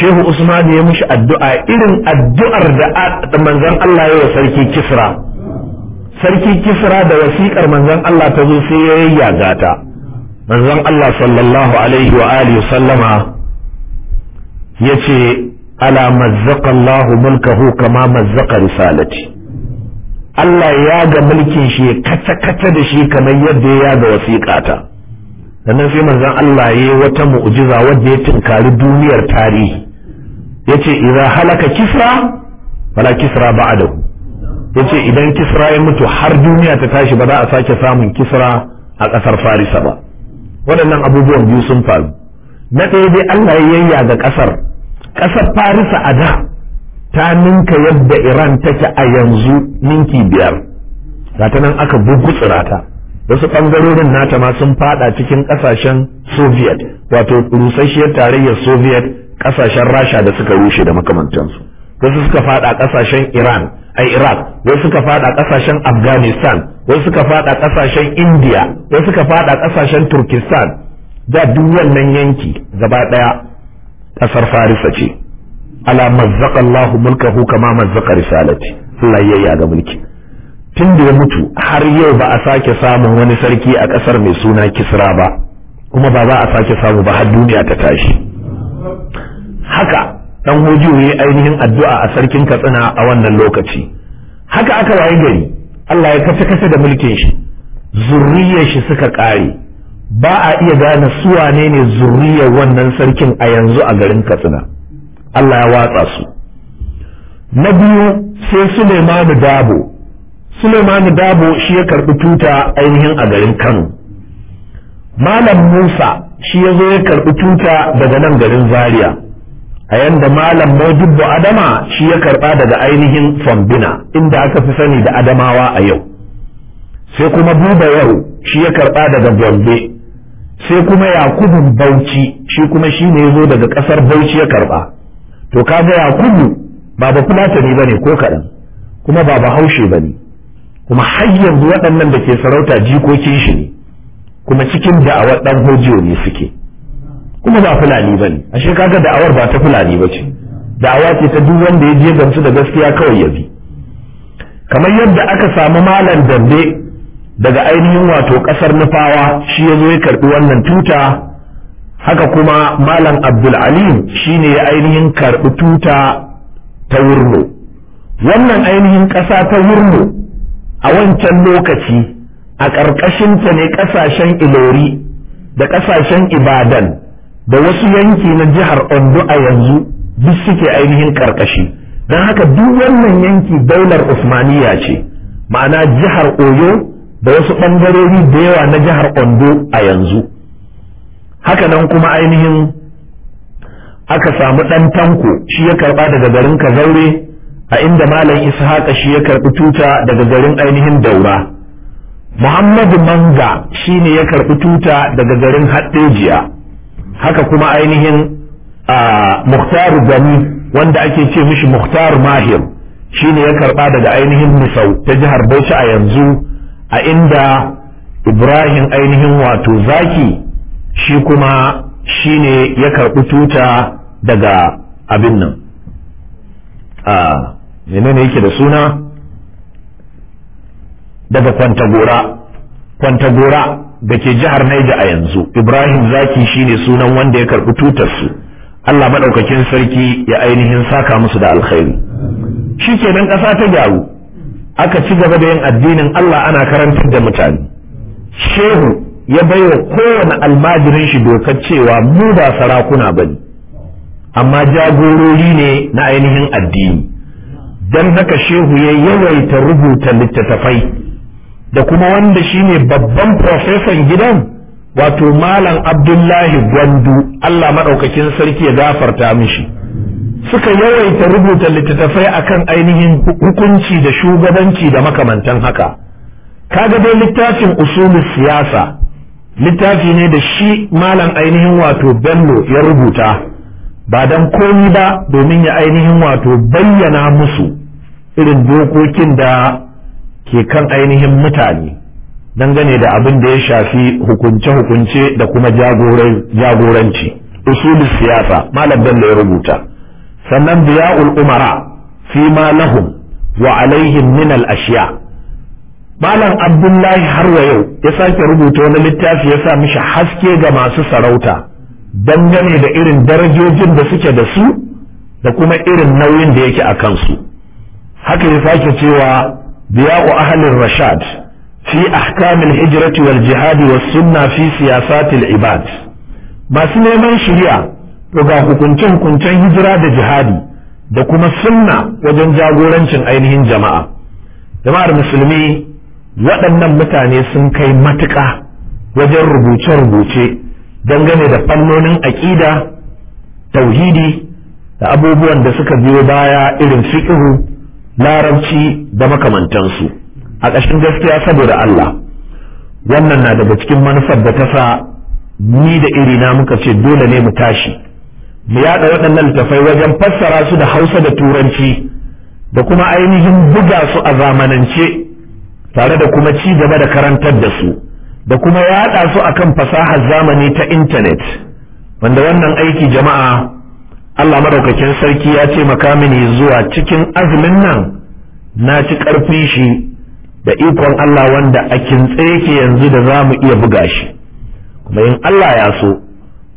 shehu usman ya mishi addu'a irin addu'ar da manzon Allah ya wa sarki kisra sarki kisra da wasiƙar manzon Allah ta zo sai ya yayyaga ta manzon Allah sallallahu alaihi wa alihi sallama yace ala mazzaqa Allahu mulkahu kama mazzaqa risalati Allah ya ga mulkin shi kata kata da shi kamar yadda ya ga wasiƙata sannan sai manzon Allah ya wata mu'jiza wadda ya tinkari duniyar tarihi yace idza halaka kisra wala kisra ba'dahu ya ce idan kisra ya mutu har duniya ta tashi ba za a sake samun kisra a ƙasar farisa ba waɗannan abubuwan biyu sun faru na ɗaya dai allah ya yayya ga ƙasar ƙasar farisa a da ta ninka yadda iran take a yanzu ninki biyar ga ta nan aka bugu ta wasu ɓangarorin nata ma sun faɗa cikin ƙasashen soviet wato rusasshiyar tarayyar soviet ƙasashen rasha da suka rushe da makamantansu wasu suka fada kasashen Iran ai Iraq wasu suka fada kasashen Afghanistan wasu suka fada kasashen India wasu suka fada kasashen Turkistan da duk wannan yanki gaba ɗaya ƙasar Farisa ce ala mazzaka Allah mulkahu kama mazzaka risalati Allah yi ga mulki tun da ya mutu har yau ba a sake samun wani sarki a ƙasar mai suna Kisra ba kuma ba za a sake samu ba har duniya ta tashi haka dan hoji ya ainihin addu'a a sarkin katsina a wannan lokaci haka aka wayi gari Allah ya kace kace da mulkin shi zurriyar shi suka kare ba a iya gane su wane ne zurriyar wannan sarkin a yanzu a garin katsina Allah ya watsa su na biyu sai Suleimanu Dabo Suleimanu Dabo shi ya karbi tuta ainihin a garin Kano Malam Musa shi ya zo ya karbi tuta daga nan garin Zaria a yanda malam modibbo adama shi ya karba daga ainihin fombina inda aka fi sani da adamawa a yau sai kuma buba yau shi ya karba daga gombe sai kuma yakubu bauchi shi kuma shi ne ya zo daga kasar bauchi ya karba to kaga yakubu ba ba fulatani ba ne ko kaɗan kuma ba ba haushe ba ne kuma har yanzu waɗannan da ke sarauta jikokin shi ne kuma cikin da'awar ɗan hojiyo ne suke kuma ba fulani ba ne ashe kaga da'awar ba ta fulani ba ce da'awa ce ta duk wanda ya je gamsu da gaskiya kawai ya bi kamar yadda aka samu malam dambe daga ainihin wato kasar nufawa shi ya zo ya karbi wannan tuta haka kuma malam abdul alim shi ne ya ainihin karbi tuta ta wurno wannan ainihin ƙasa ta wurno a wancan lokaci a ƙarƙashinta ne ƙasashen ilori da ƙasashen ibadan da wasu yanki na jihar Ondo a yanzu duk suke ainihin karkashi don haka duk wannan yanki daular Usmaniya ce ma'ana jihar Oyo da wasu ɓangarori da yawa na jihar Ondo a yanzu haka nan kuma ainihin aka samu ɗan tanko shi ya karɓa daga garin Kazaure a inda Malam Ishaqa shi ya karɓi tuta daga garin ainihin Daura Muhammadu Manga shi ne ya karɓi tuta daga garin Haddejiya haka kuma ainihin muhtar gani wanda ake ce mishi muhtar mahir shi ne ya karɓa daga ainihin misau ta jihar bauchi a yanzu a inda ibrahim ainihin wato zaki shi kuma shi ne ya karbi tuta daga abin nan a menene yake da suna daga kwantagora kwantagora da ke jihar Naija a yanzu Ibrahim Zaki shine sunan wanda ya karɓi tutar su Allah madaukakin sarki ya ainihin saka musu da alkhairi shikenan ƙasa ta gyaru aka ci gaba da yin addinin Allah ana karantar da mutane shehu ya baiwa kowane almajirin shi dokar cewa mu ba sarakuna bane amma jagorori ne na ainihin addini don haka shehu ya yawaita rubuta littattafai da kuma wanda shine babban profesan gidan wato malam abdullahi gwandu allah maɗaukakin sarki ya gafarta mishi suka yawaita rubuta littattafai akan ainihin hukunci da shugabanci da makamantan haka kaga dai littafin usulun siyasa littafi ne da shi malam ainihin wato bello ya rubuta ba don komi ba domin ya ainihin wato bayyana musu irin dokokin da ke kan ainihin mutane dangane da abin da ya shafi hukunce-hukunce da kuma jagoranci usulul siyasa malam dan da ya rubuta sannan biya'ul umara fi ma lahum wa alaihim min al ashiya malam abdullahi har wa yau ya sake rubuta wani littafi ya sa mishi haske ga masu sarauta dangane da irin darajojin da suke da su da kuma irin nauyin da yake a kansu haka ya sake cewa biya wa ahalin rashad fi ahkamin hijirati wal jihadi wa sunna fi siyasatil ibad masu neman shirya to hukunce hukuncen hijira da jihadi da kuma sunna wajen jagorancin ainihin jama'a jama'ar musulmi waɗannan mutane sun kai matuƙa wajen rubuce-rubuce dangane da fannonin aƙida tauhidi da abubuwan da suka biyo baya irin fiƙihu larabci da makamantansu a ƙashin gaskiya saboda Allah wannan na daga cikin manufar da ta sa ni da irina muka ce dole ne mu tashi mu yaɗa waɗannan littafai wajen fassara su da hausa da turanci da kuma ainihin buga su a zamanance tare da kuma ci gaba da karantar da su da kuma yaɗa su akan fasahar zamani ta intanet wanda wannan aiki jama'a Allah madaukakin sarki ya ce makamini zuwa cikin azumin nan na ci ƙarfin shi da ikon Allah wanda a kintse yake yanzu da za mu iya buga shi kuma in Allah ya so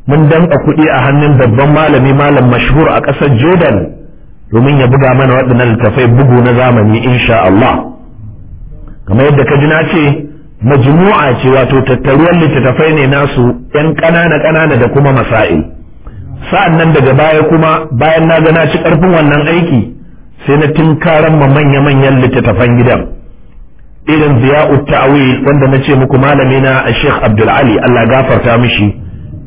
mun danka kuɗi a hannun babban malami malam mashhur a ƙasar Jordan domin ya buga mana waɗannan littafai bugu na zamani insha Allah kamar yadda ka ji na ce majmu'a ce wato tattaruwar littattafai ne nasu 'yan ƙanana ƙanana da kuma masail sa'an nan daga baya kuma bayan na ga na ci ƙarfin wannan aiki sai na tinkaran ma manya-manyan littattafan gidan irin ziya ta'wil wanda na ce muku malami na a sheikh abdulali allah gafarta mishi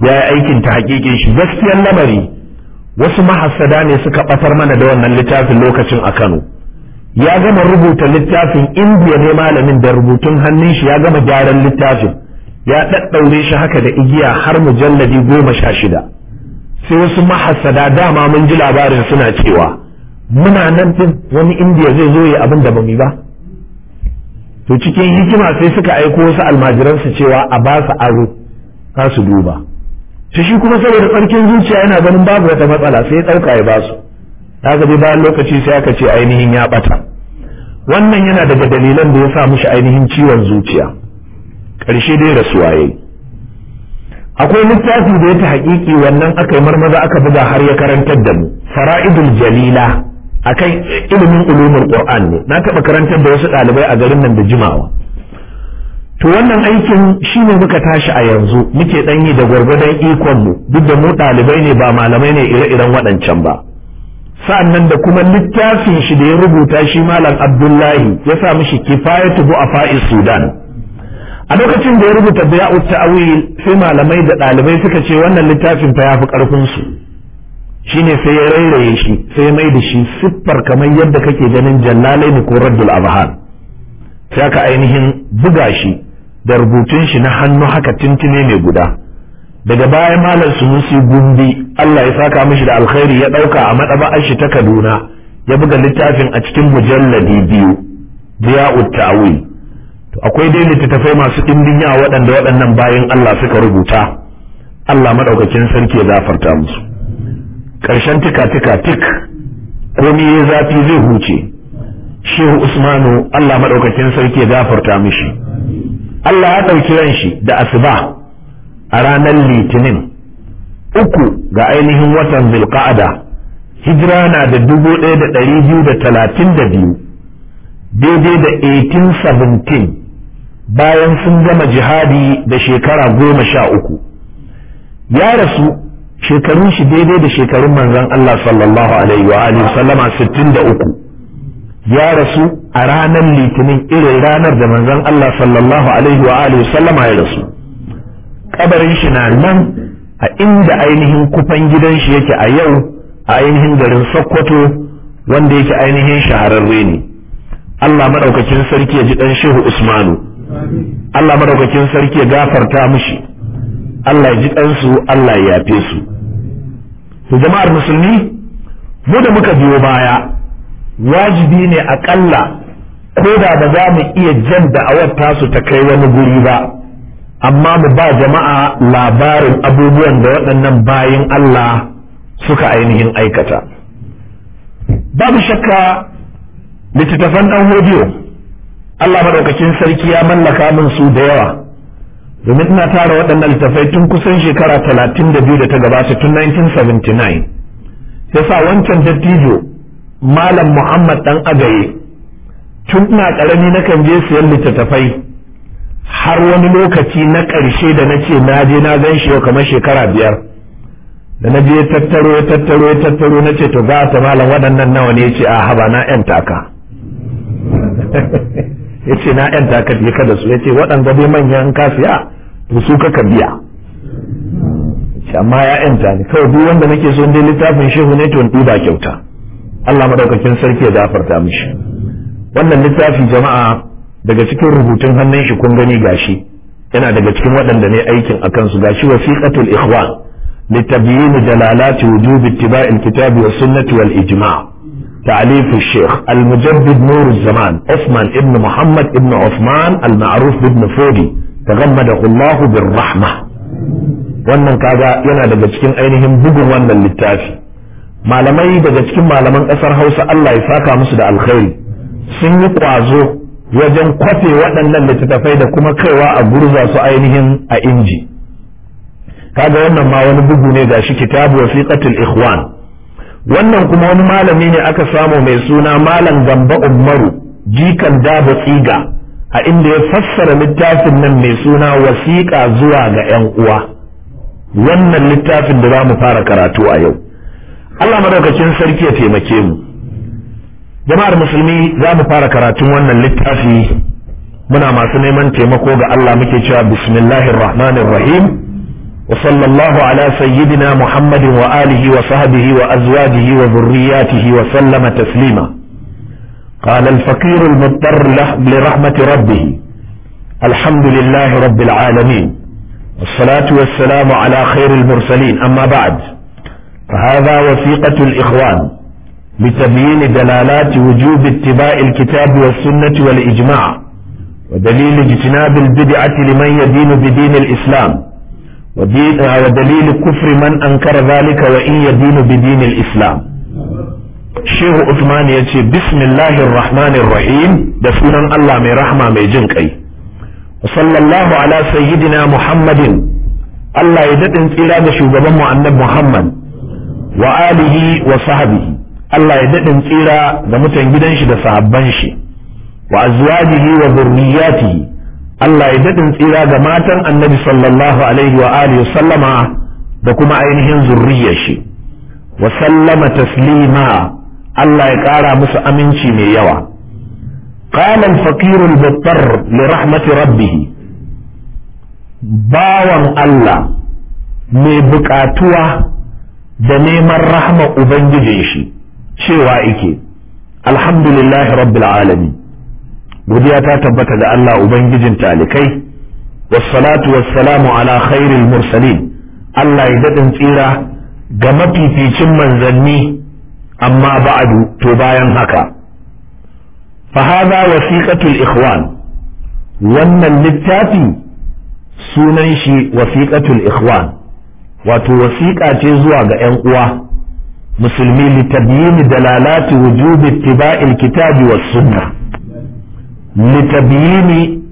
ya yi aikin ta hakikin shi gaskiyar lamari wasu mahassada ne suka ɓatar mana da wannan littafin lokacin a kano ya gama rubuta littafin indiya ne malamin da rubutun hannun shi ya gama gyaran littafin ya ɗaɗɗaure shi haka da igiya har mujalladi goma sha shida sai wasu mahasada dama mun ji labarin suna cewa muna nan din wani indiya zai zo yi abin da ba mu ba to cikin hikima sai suka aiko wasu almajiransu cewa a ba su aro ka su duba to shi kuma saboda tsarkin zuciya yana ganin babu wata matsala sai ya dauka ya ba su daga bi bayan lokaci sai aka ce ainihin ya bata wannan yana daga dalilan da ya sa mushi ainihin ciwon zuciya ƙarshe dai rasuwa yayi akwai littafi da ya ta haƙiƙi wannan aka yi marmaza aka buga har ya karantar da mu fara'idul jalila akan ilimin ulumul qur'an ne na taɓa karantar da wasu ɗalibai a garin nan da jimawa to wannan aikin shi shine muka tashi a yanzu muke ɗan yi da gwargwadon ikon mu duk da mu ɗalibai ne ba malamai ne ire-iren waɗancan ba sa'annan da kuma littafin shi da ya rubuta shi malam abdullahi ya sa mishi kifayatu bu'afa'i sudan a lokacin da ya rubuta biya'ut ta'wil sai malamai da ɗalibai suka ce wannan littafin fa yafi karfin su shine sai ya rairaye shi sai ya mai da shi siffar kamar yadda kake ganin jallalaini ko raddul abhan sai aka ainihin buga shi da rubutun shi na hannu haka tintine mai guda daga baya malam su sunusi gumbi Allah ya saka mishi da alkhairi ya ɗauka a madaba shi ta Kaduna ya buga littafin a cikin mujalladi biyu biya'ut ta'wil to akwai dai littattafai masu ɗimbin ya waɗanda waɗannan bayan Allah suka rubuta Allah madaukakin sarki ya zafarta musu ƙarshen tika tika tik komai ya zafi zai huce shehu usmanu Allah madaukakin sarki ya zafarta mishi Allah ya ɗauki ran shi da asuba a ranar litinin uku ga ainihin watan zulqa'ada hijira na da dubu ɗaya da ɗari biyu da talatin da biyu daidai da 1817 bayan sun gama jihadi da shekara goma sha uku ya rasu shekarun shi daidai da shekarun manzon Allah sallallahu alaihi wa alihi sallama 63 ya rasu a ranar litinin irin ranar da manzon Allah sallallahu alaihi wa alihi sallama ya rasu kabarin shi na nan a inda ainihin kufan gidan shi yake a yau a ainihin garin Sokoto wanda yake ainihin shahararre ne Allah madaukakin sarki ya ji dan Shehu Usmanu Allah madaukakin sarki ya gafarta mushi Allah ya ji ɗansu. Allah ya yafe su to jama'ar musulmi mu da muka biyo baya wajibi ne akalla ko da ba za mu iya jan da tasu ta kai wani guri ba amma mu ba jama'a labarin abubuwan da waɗannan bayin Allah suka ainihin aikata babu shakka littattafan ɗan hodiyo Allah madaukakin sarki ya mallaka min su da yawa domin ina tara waɗannan littafai tun kusan shekara talatin da ta gabata tun 1979 yasa wancan dattijo malam muhammad dan agaye tun ina ƙarami kan je siyan littattafai har wani lokaci na ƙarshe da na ce na je na gan shi yau kamar shekara biyar da na je tattaro tattaro tattaro na ce to ga ta malam waɗannan nawa ne ya ce a haba na 'yan taka *laughs* ya ce na yan taka biya ka da su ya ce waɗanda dai manyan kasiya siya to su ka ka biya amma ya yan ne kawai duk wanda nake so dai littafin shehu ne to duba kyauta Allah madaukakin sarki ya gafarta mishi wannan littafi jama'a daga cikin rubutun hannun shi kun gani gashi yana daga cikin waɗanda ne aikin a kansu gashi wasiqatul ikhwan litabyin dalalati wujubi ittiba'il kitabi was sunnati wal ijma' تعليف الشيخ المجدد نور الزمان عثمان ابن محمد ابن عثمان المعروف بابن فودي تغمده الله بالرحمة wannan kaga yana daga cikin ainihin bugun wannan littafi malamai daga cikin malaman ƙasar hausa allah ya saka musu da alkhairi sun yi ƙwazo wajen kwafe waɗannan littattafai da kuma kaiwa a gurza su ainihin a inji kaga wannan ma wani bugu ne ga shi kitabu wasiqatul ikhwan wannan kuma wani malami ne aka samu mai suna malam gamba umaru jikan dabo tsiga a inda ya fassara littafin nan mai suna wasiƙa zuwa ga 'yan uwa wannan littafin da za mu fara karatu a yau Allah madaukakin sarki ya taimake mu jama'ar musulmi za mu fara karatun wannan littafi muna masu neman taimako ga Allah muke cewa bismillahir rahmanir rahim وصلى الله على سيدنا محمد وآله وصحبه وأزواجه وذرياته وسلم تسليما قال الفقير المضطر لرحمة ربه الحمد لله رب العالمين والصلاة والسلام على خير المرسلين أما بعد فهذا وثيقة الإخوان لتبيين دلالات وجوب اتباع الكتاب والسنة والإجماع ودليل اجتناب البدعة لمن يدين بدين الإسلام ودليل كفر من أنكر ذلك وإن يدين بدين islam. Shehu Usman ya ce bismillahir da sunan Allah mai rahma mai jin kai sallallahu ala sayyidina muhammadin Allah ya daɗin tsira da shugaban mu annabi Muhammad wa alihi wa sahabi. Allah ya daɗin tsira da mutan gidan shi da sahabban shi wa azwajihi wa zurriyyatihi Allah ya daɗin tsira ga matan annabi sallallahu alaihi wa sallama da kuma ainihin zurriyar shi wa sallama taslima Allah ya ƙara musu aminci mai yawa qala al-faqir al-battar rahmati rabbih bawan Allah mai buƙatuwa da neman rahma ubangijin shi cewa ike alhamdulillahi rabbil alamin godiya ta tabbata ga Allah ubangijin talikai wassalatu wassalamu ala khairil mursalin Allah ya daɗin tsira ga mafificin manzanni amma ba'adu to bayan haka fa wasiƙatul wasiqatul ikhwan wannan littafi sunan shi wasiƙatul ikhwan wato wasiƙa ce zuwa ga 'yan uwa musulmi litabyin dalalati wujubi ittiba'il kitabi wa sunna. لتبيين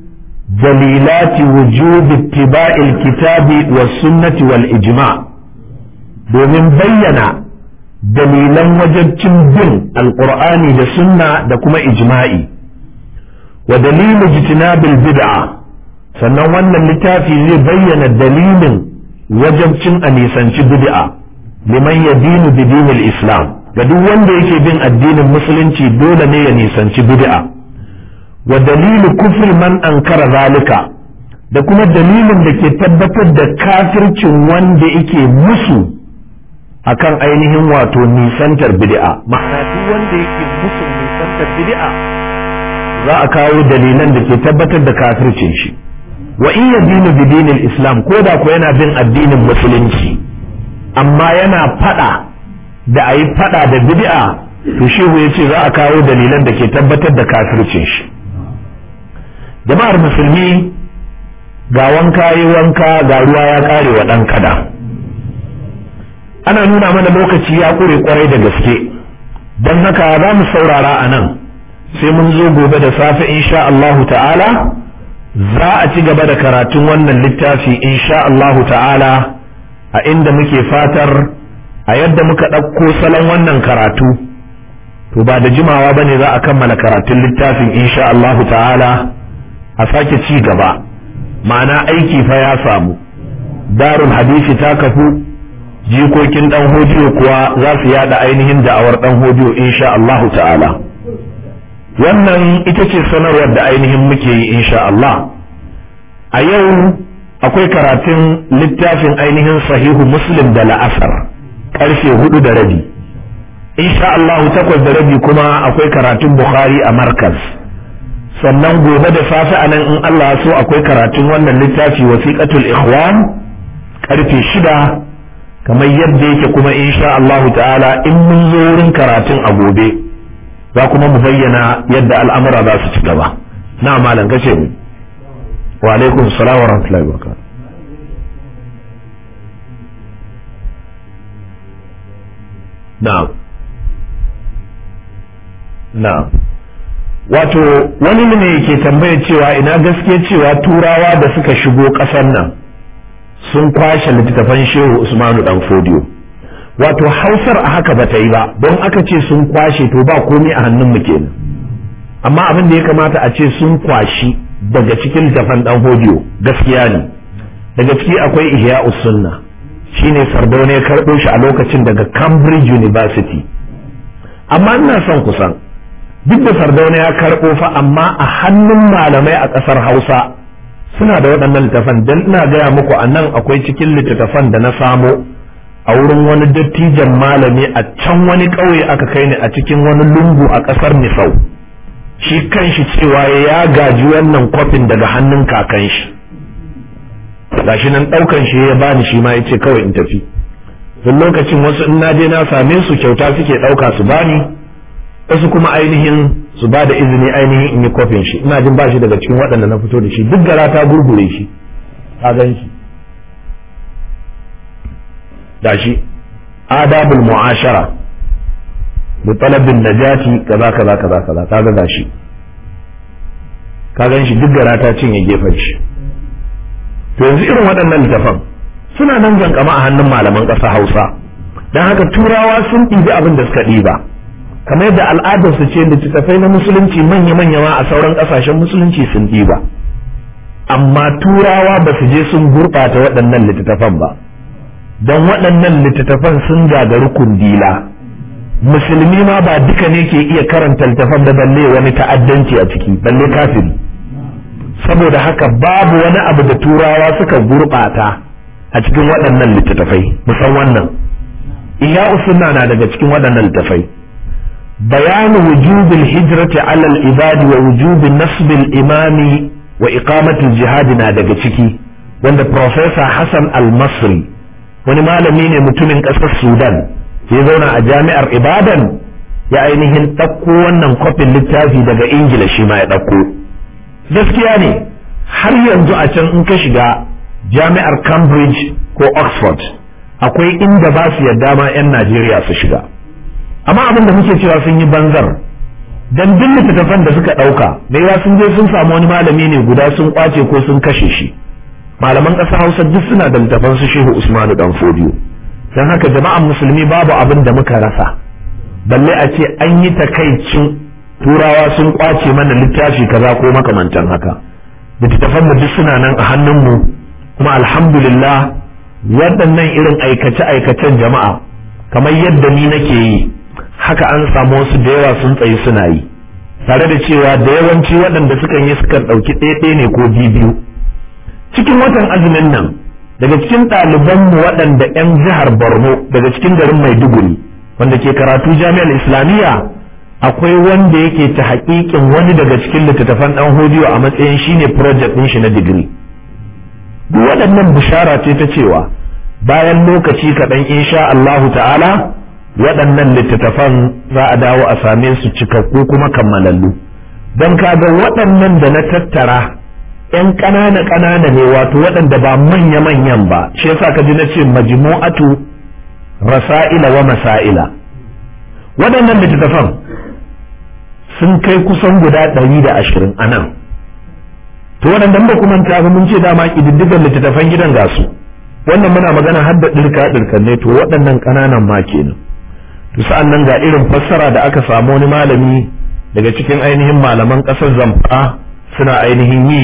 دليلات وجوب اتباع الكتاب wal والإجماع domin bayyana dalilan wajabcin bin alƙur'ani da sunna da kuma ijma'i wa dalilu jitinabil bid'a sannan wannan littafi zai bayyana dalilin wajabcin a nisanci bid'a liman ya dinu islam ga duk wanda yake bin addinin musulunci dole ne ya nisanci bid'a wa dalilu kufri man ankara zalika da kuma dalilin da ke tabbatar da kafircin wanda yake musu akan ainihin wato nisantar bid'a ma'ana duk wanda yake musu nisantar bid'a za a kawo dalilan da ke tabbatar da kafircin shi wa in yadinu bidinil islam ko da ko yana bin addinin musulunci amma yana fada da ayi fada da bid'a to shehu ce za a kawo dalilan da ke tabbatar da kafircin shi jama'ar musulmi ga wanka yi wanka ga ruwa ya kare wa ɗan kada ana nuna mana lokaci ya ƙure kwarai da gaske don haka za mu saurara a nan sai mun zo gobe da safe insha Allahu ta'ala za a ci gaba da karatun wannan littafi insha Allahu ta'ala a inda muke fatar a yadda muka ɗauko salon wannan karatu to ba da jimawa ba ne za a kammala karatun littafin insha Allahu ta'ala a sake ci gaba ma'ana aiki fa ya samu darul hadisi ta kafu jikokin dan hodiyo kuwa za su yada ainihin da'awar dan hodiyo insha Allahu ta'ala wannan ita ce sanarwar da ainihin muke yi insha Allah a yau akwai karatun littafin ainihin sahihu muslim da la'asar karfe hudu da rabi insha Allah takwas da rabi kuma akwai karatun bukhari a markaz sannan gobe da safe a nan in Allah so akwai karatun wannan littafi wasiqatul ikhwan karfe shida kamar yadda yake kuma insha Allah ta'ala in mun zo wurin karatun a gobe za kuma mu bayyana yadda al'amura za su ci gaba na malam kace mu wa alaikum salam wa rahmatullahi wa barakatuh na'am na'am wato wani ne ke tambaya cewa ina gaske cewa turawa da suka shigo ƙasar nan sun kwashe littattafan shehu usmanu dan fodiyo wato hausar a haka ba ta yi ba don aka ce sun kwashe to ba komi a hannunmu kenan amma abin da ya kamata a ce sun kwashi daga cikin littattafan dan fodiyo gaskiya ne daga ciki akwai ihya usunna shine sardauna ya karɓo shi a lokacin daga cambridge university amma ina son kusan duk da sardauna ya karɓo fa amma a hannun malamai a ƙasar hausa suna da waɗannan littafan don ina gaya muku a nan akwai cikin littattafan da na samo a wurin wani dattijan malami a can wani ƙauye aka kai ni a cikin wani lungu a ƙasar Nisau. shi kanshi cewa ya gaji wannan kwafin daga hannun kakan shi gashi nan ɗaukan shi ya bani shi ma ya ce kawai in tafi duk lokacin wasu in na je na same su kyauta suke ɗauka su bani wasu kuma ainihin su ba da izini ainihin in yi kofin shi ina jin ba shi daga cikin waɗanda na fito da shi duk gara ta gurgure shi ta gan shi da shi adabul mu'ashara bi talabin najati kaza kaza kaza kaza ta ga shi ka gan shi duk gara ta cinye gefen shi to yanzu irin waɗannan littafan suna nan gankama a hannun malaman ƙasa Hausa don haka turawa sun ɗibi abin da suka ɗiba kamar da al'adar su ce littattafai na musulunci manya manya ma a sauran kasashen musulunci sun ba amma turawa ba su je sun gurɓata waɗannan littattafan ba don waɗannan littattafan sun gagari kundila musulmi ma ba duka ne ke iya karanta littattafan da balle wani ta'addanci a ciki balle kafiri saboda haka babu wani abu da turawa suka gurɓata a cikin waɗannan littattafai musan wannan iya usunna na daga cikin waɗannan littattafai بيان وجوب الهجرة على العباد ووجوب نصب الإمام وإقامة الجهاد نادق تشكي وأن البروفيسور حسن المصري wani malami ne mutumin ƙasar sudan ya zauna a jami'ar ibadan ya ainihin ɗauko wannan kwafin littafi daga ingila shi ma ya ɗauko gaskiya ne har yanzu a can in ka shiga jami'ar cambridge ko oxford akwai inda ba su yarda ma 'yan najeriya su shiga amma abin da muke cewa sun yi banzar dan duk littattafan da suka ɗauka mai ya sun je sun samu wani malami ne guda sun kwace ko sun kashe shi malaman ƙasa hausa duk suna da littattafan su shehu usmanu dan fodio dan haka jama'an musulmi babu abin da muka rasa balle a ce an yi takaicin turawa sun kwace mana littafi kaza ko makamantan haka littattafan da duk suna nan a hannunmu kuma alhamdulillah waɗannan irin aikace-aikacen jama'a kamar yadda ni nake yi haka an samu wasu da yawa sun tsayi suna yi tare da cewa da yawanci waɗanda sukan yi suka ɗauki ɗaya ne ko biyu cikin watan azumin nan daga cikin ɗalibanmu waɗanda 'yan jihar borno daga cikin garin maiduguri wanda ke karatu jami'ar islamiyya akwai wanda yake ta haƙiƙin wani daga cikin littattafan ɗan hodiyo a matsayin shine project ɗin shi na digiri duk waɗannan bishara ce ta cewa bayan lokaci kaɗan insha Allahu ta'ala waɗannan littattafan za a dawo a same su cikakku kuma kammalallu don kaga waɗannan da na tattara 'yan ƙanana ƙanana ne wato waɗanda ba manya manyan ba shi yasa ka ji na ce majmu'atu rasa'ila wa masa'ila waɗannan littattafan sun kai kusan guda ɗari da ashirin a nan to waɗannan ba kuma ta mun ce dama ƙididdigan littattafan gidan gasu wannan muna magana har da ɗirka ɗirkan ne to waɗannan ƙananan ma kenan to sa'an nan ga irin fassara da aka samu wani malami daga cikin ainihin malaman ƙasar zamfa suna ainihin yi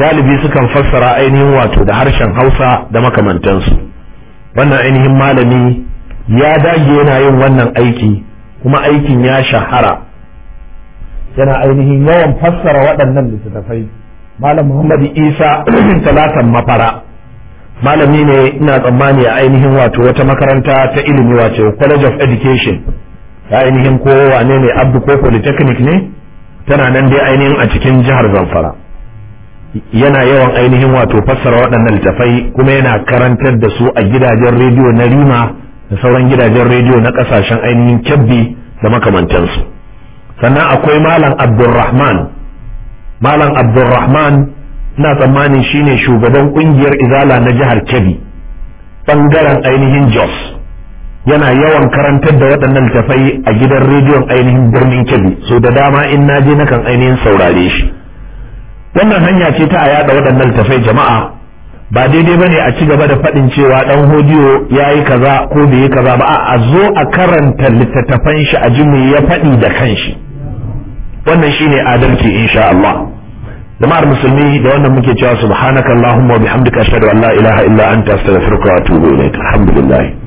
galibi sukan fassara ainihin wato da harshen hausa da makamantansu wannan ainihin malami ya dage yana yin wannan aiki kuma aikin ya shahara yana ainihin yawan fassara waɗannan littattafai malam muhammad isa *clears throat* talatan mafara malami ne ina tsammani a ainihin wato wata makaranta ta ilimi wato college of education ta ainihin ko wane ne abdu ko polytechnic ne tana nan dai ainihin a cikin jihar zamfara yana yawan ainihin wato fassara waɗannan littafai kuma yana karantar da su a gidajen rediyo na rima da sauran gidajen rediyo na ƙasashen ainihin kyabbi da makamantansu sannan akwai malam abdulrahman malam abdulrahman ina tsammanin shine shugaban kungiyar izala na jihar kebbi bangaren ainihin jos yana yawan karantar da waɗannan littafai a gidan rediyon ainihin birnin kebbi so da dama in na je nakan ainihin saurare shi wannan hanya ce ta a yada waɗannan littafai jama'a ba daidai ba ne a ci gaba da faɗin cewa ɗan hodiyo ya yi kaza ko bai yi kaza ba a zo a karanta littattafan shi a ji ya faɗi da kan shi wannan shine adalci insha Allah jama'ar musulmi da wannan muke cewa subhanakallahumma wa bihamdika ashhadu an la ilaha illa anta astaghfiruka wa atubu ilaik alhamdulillah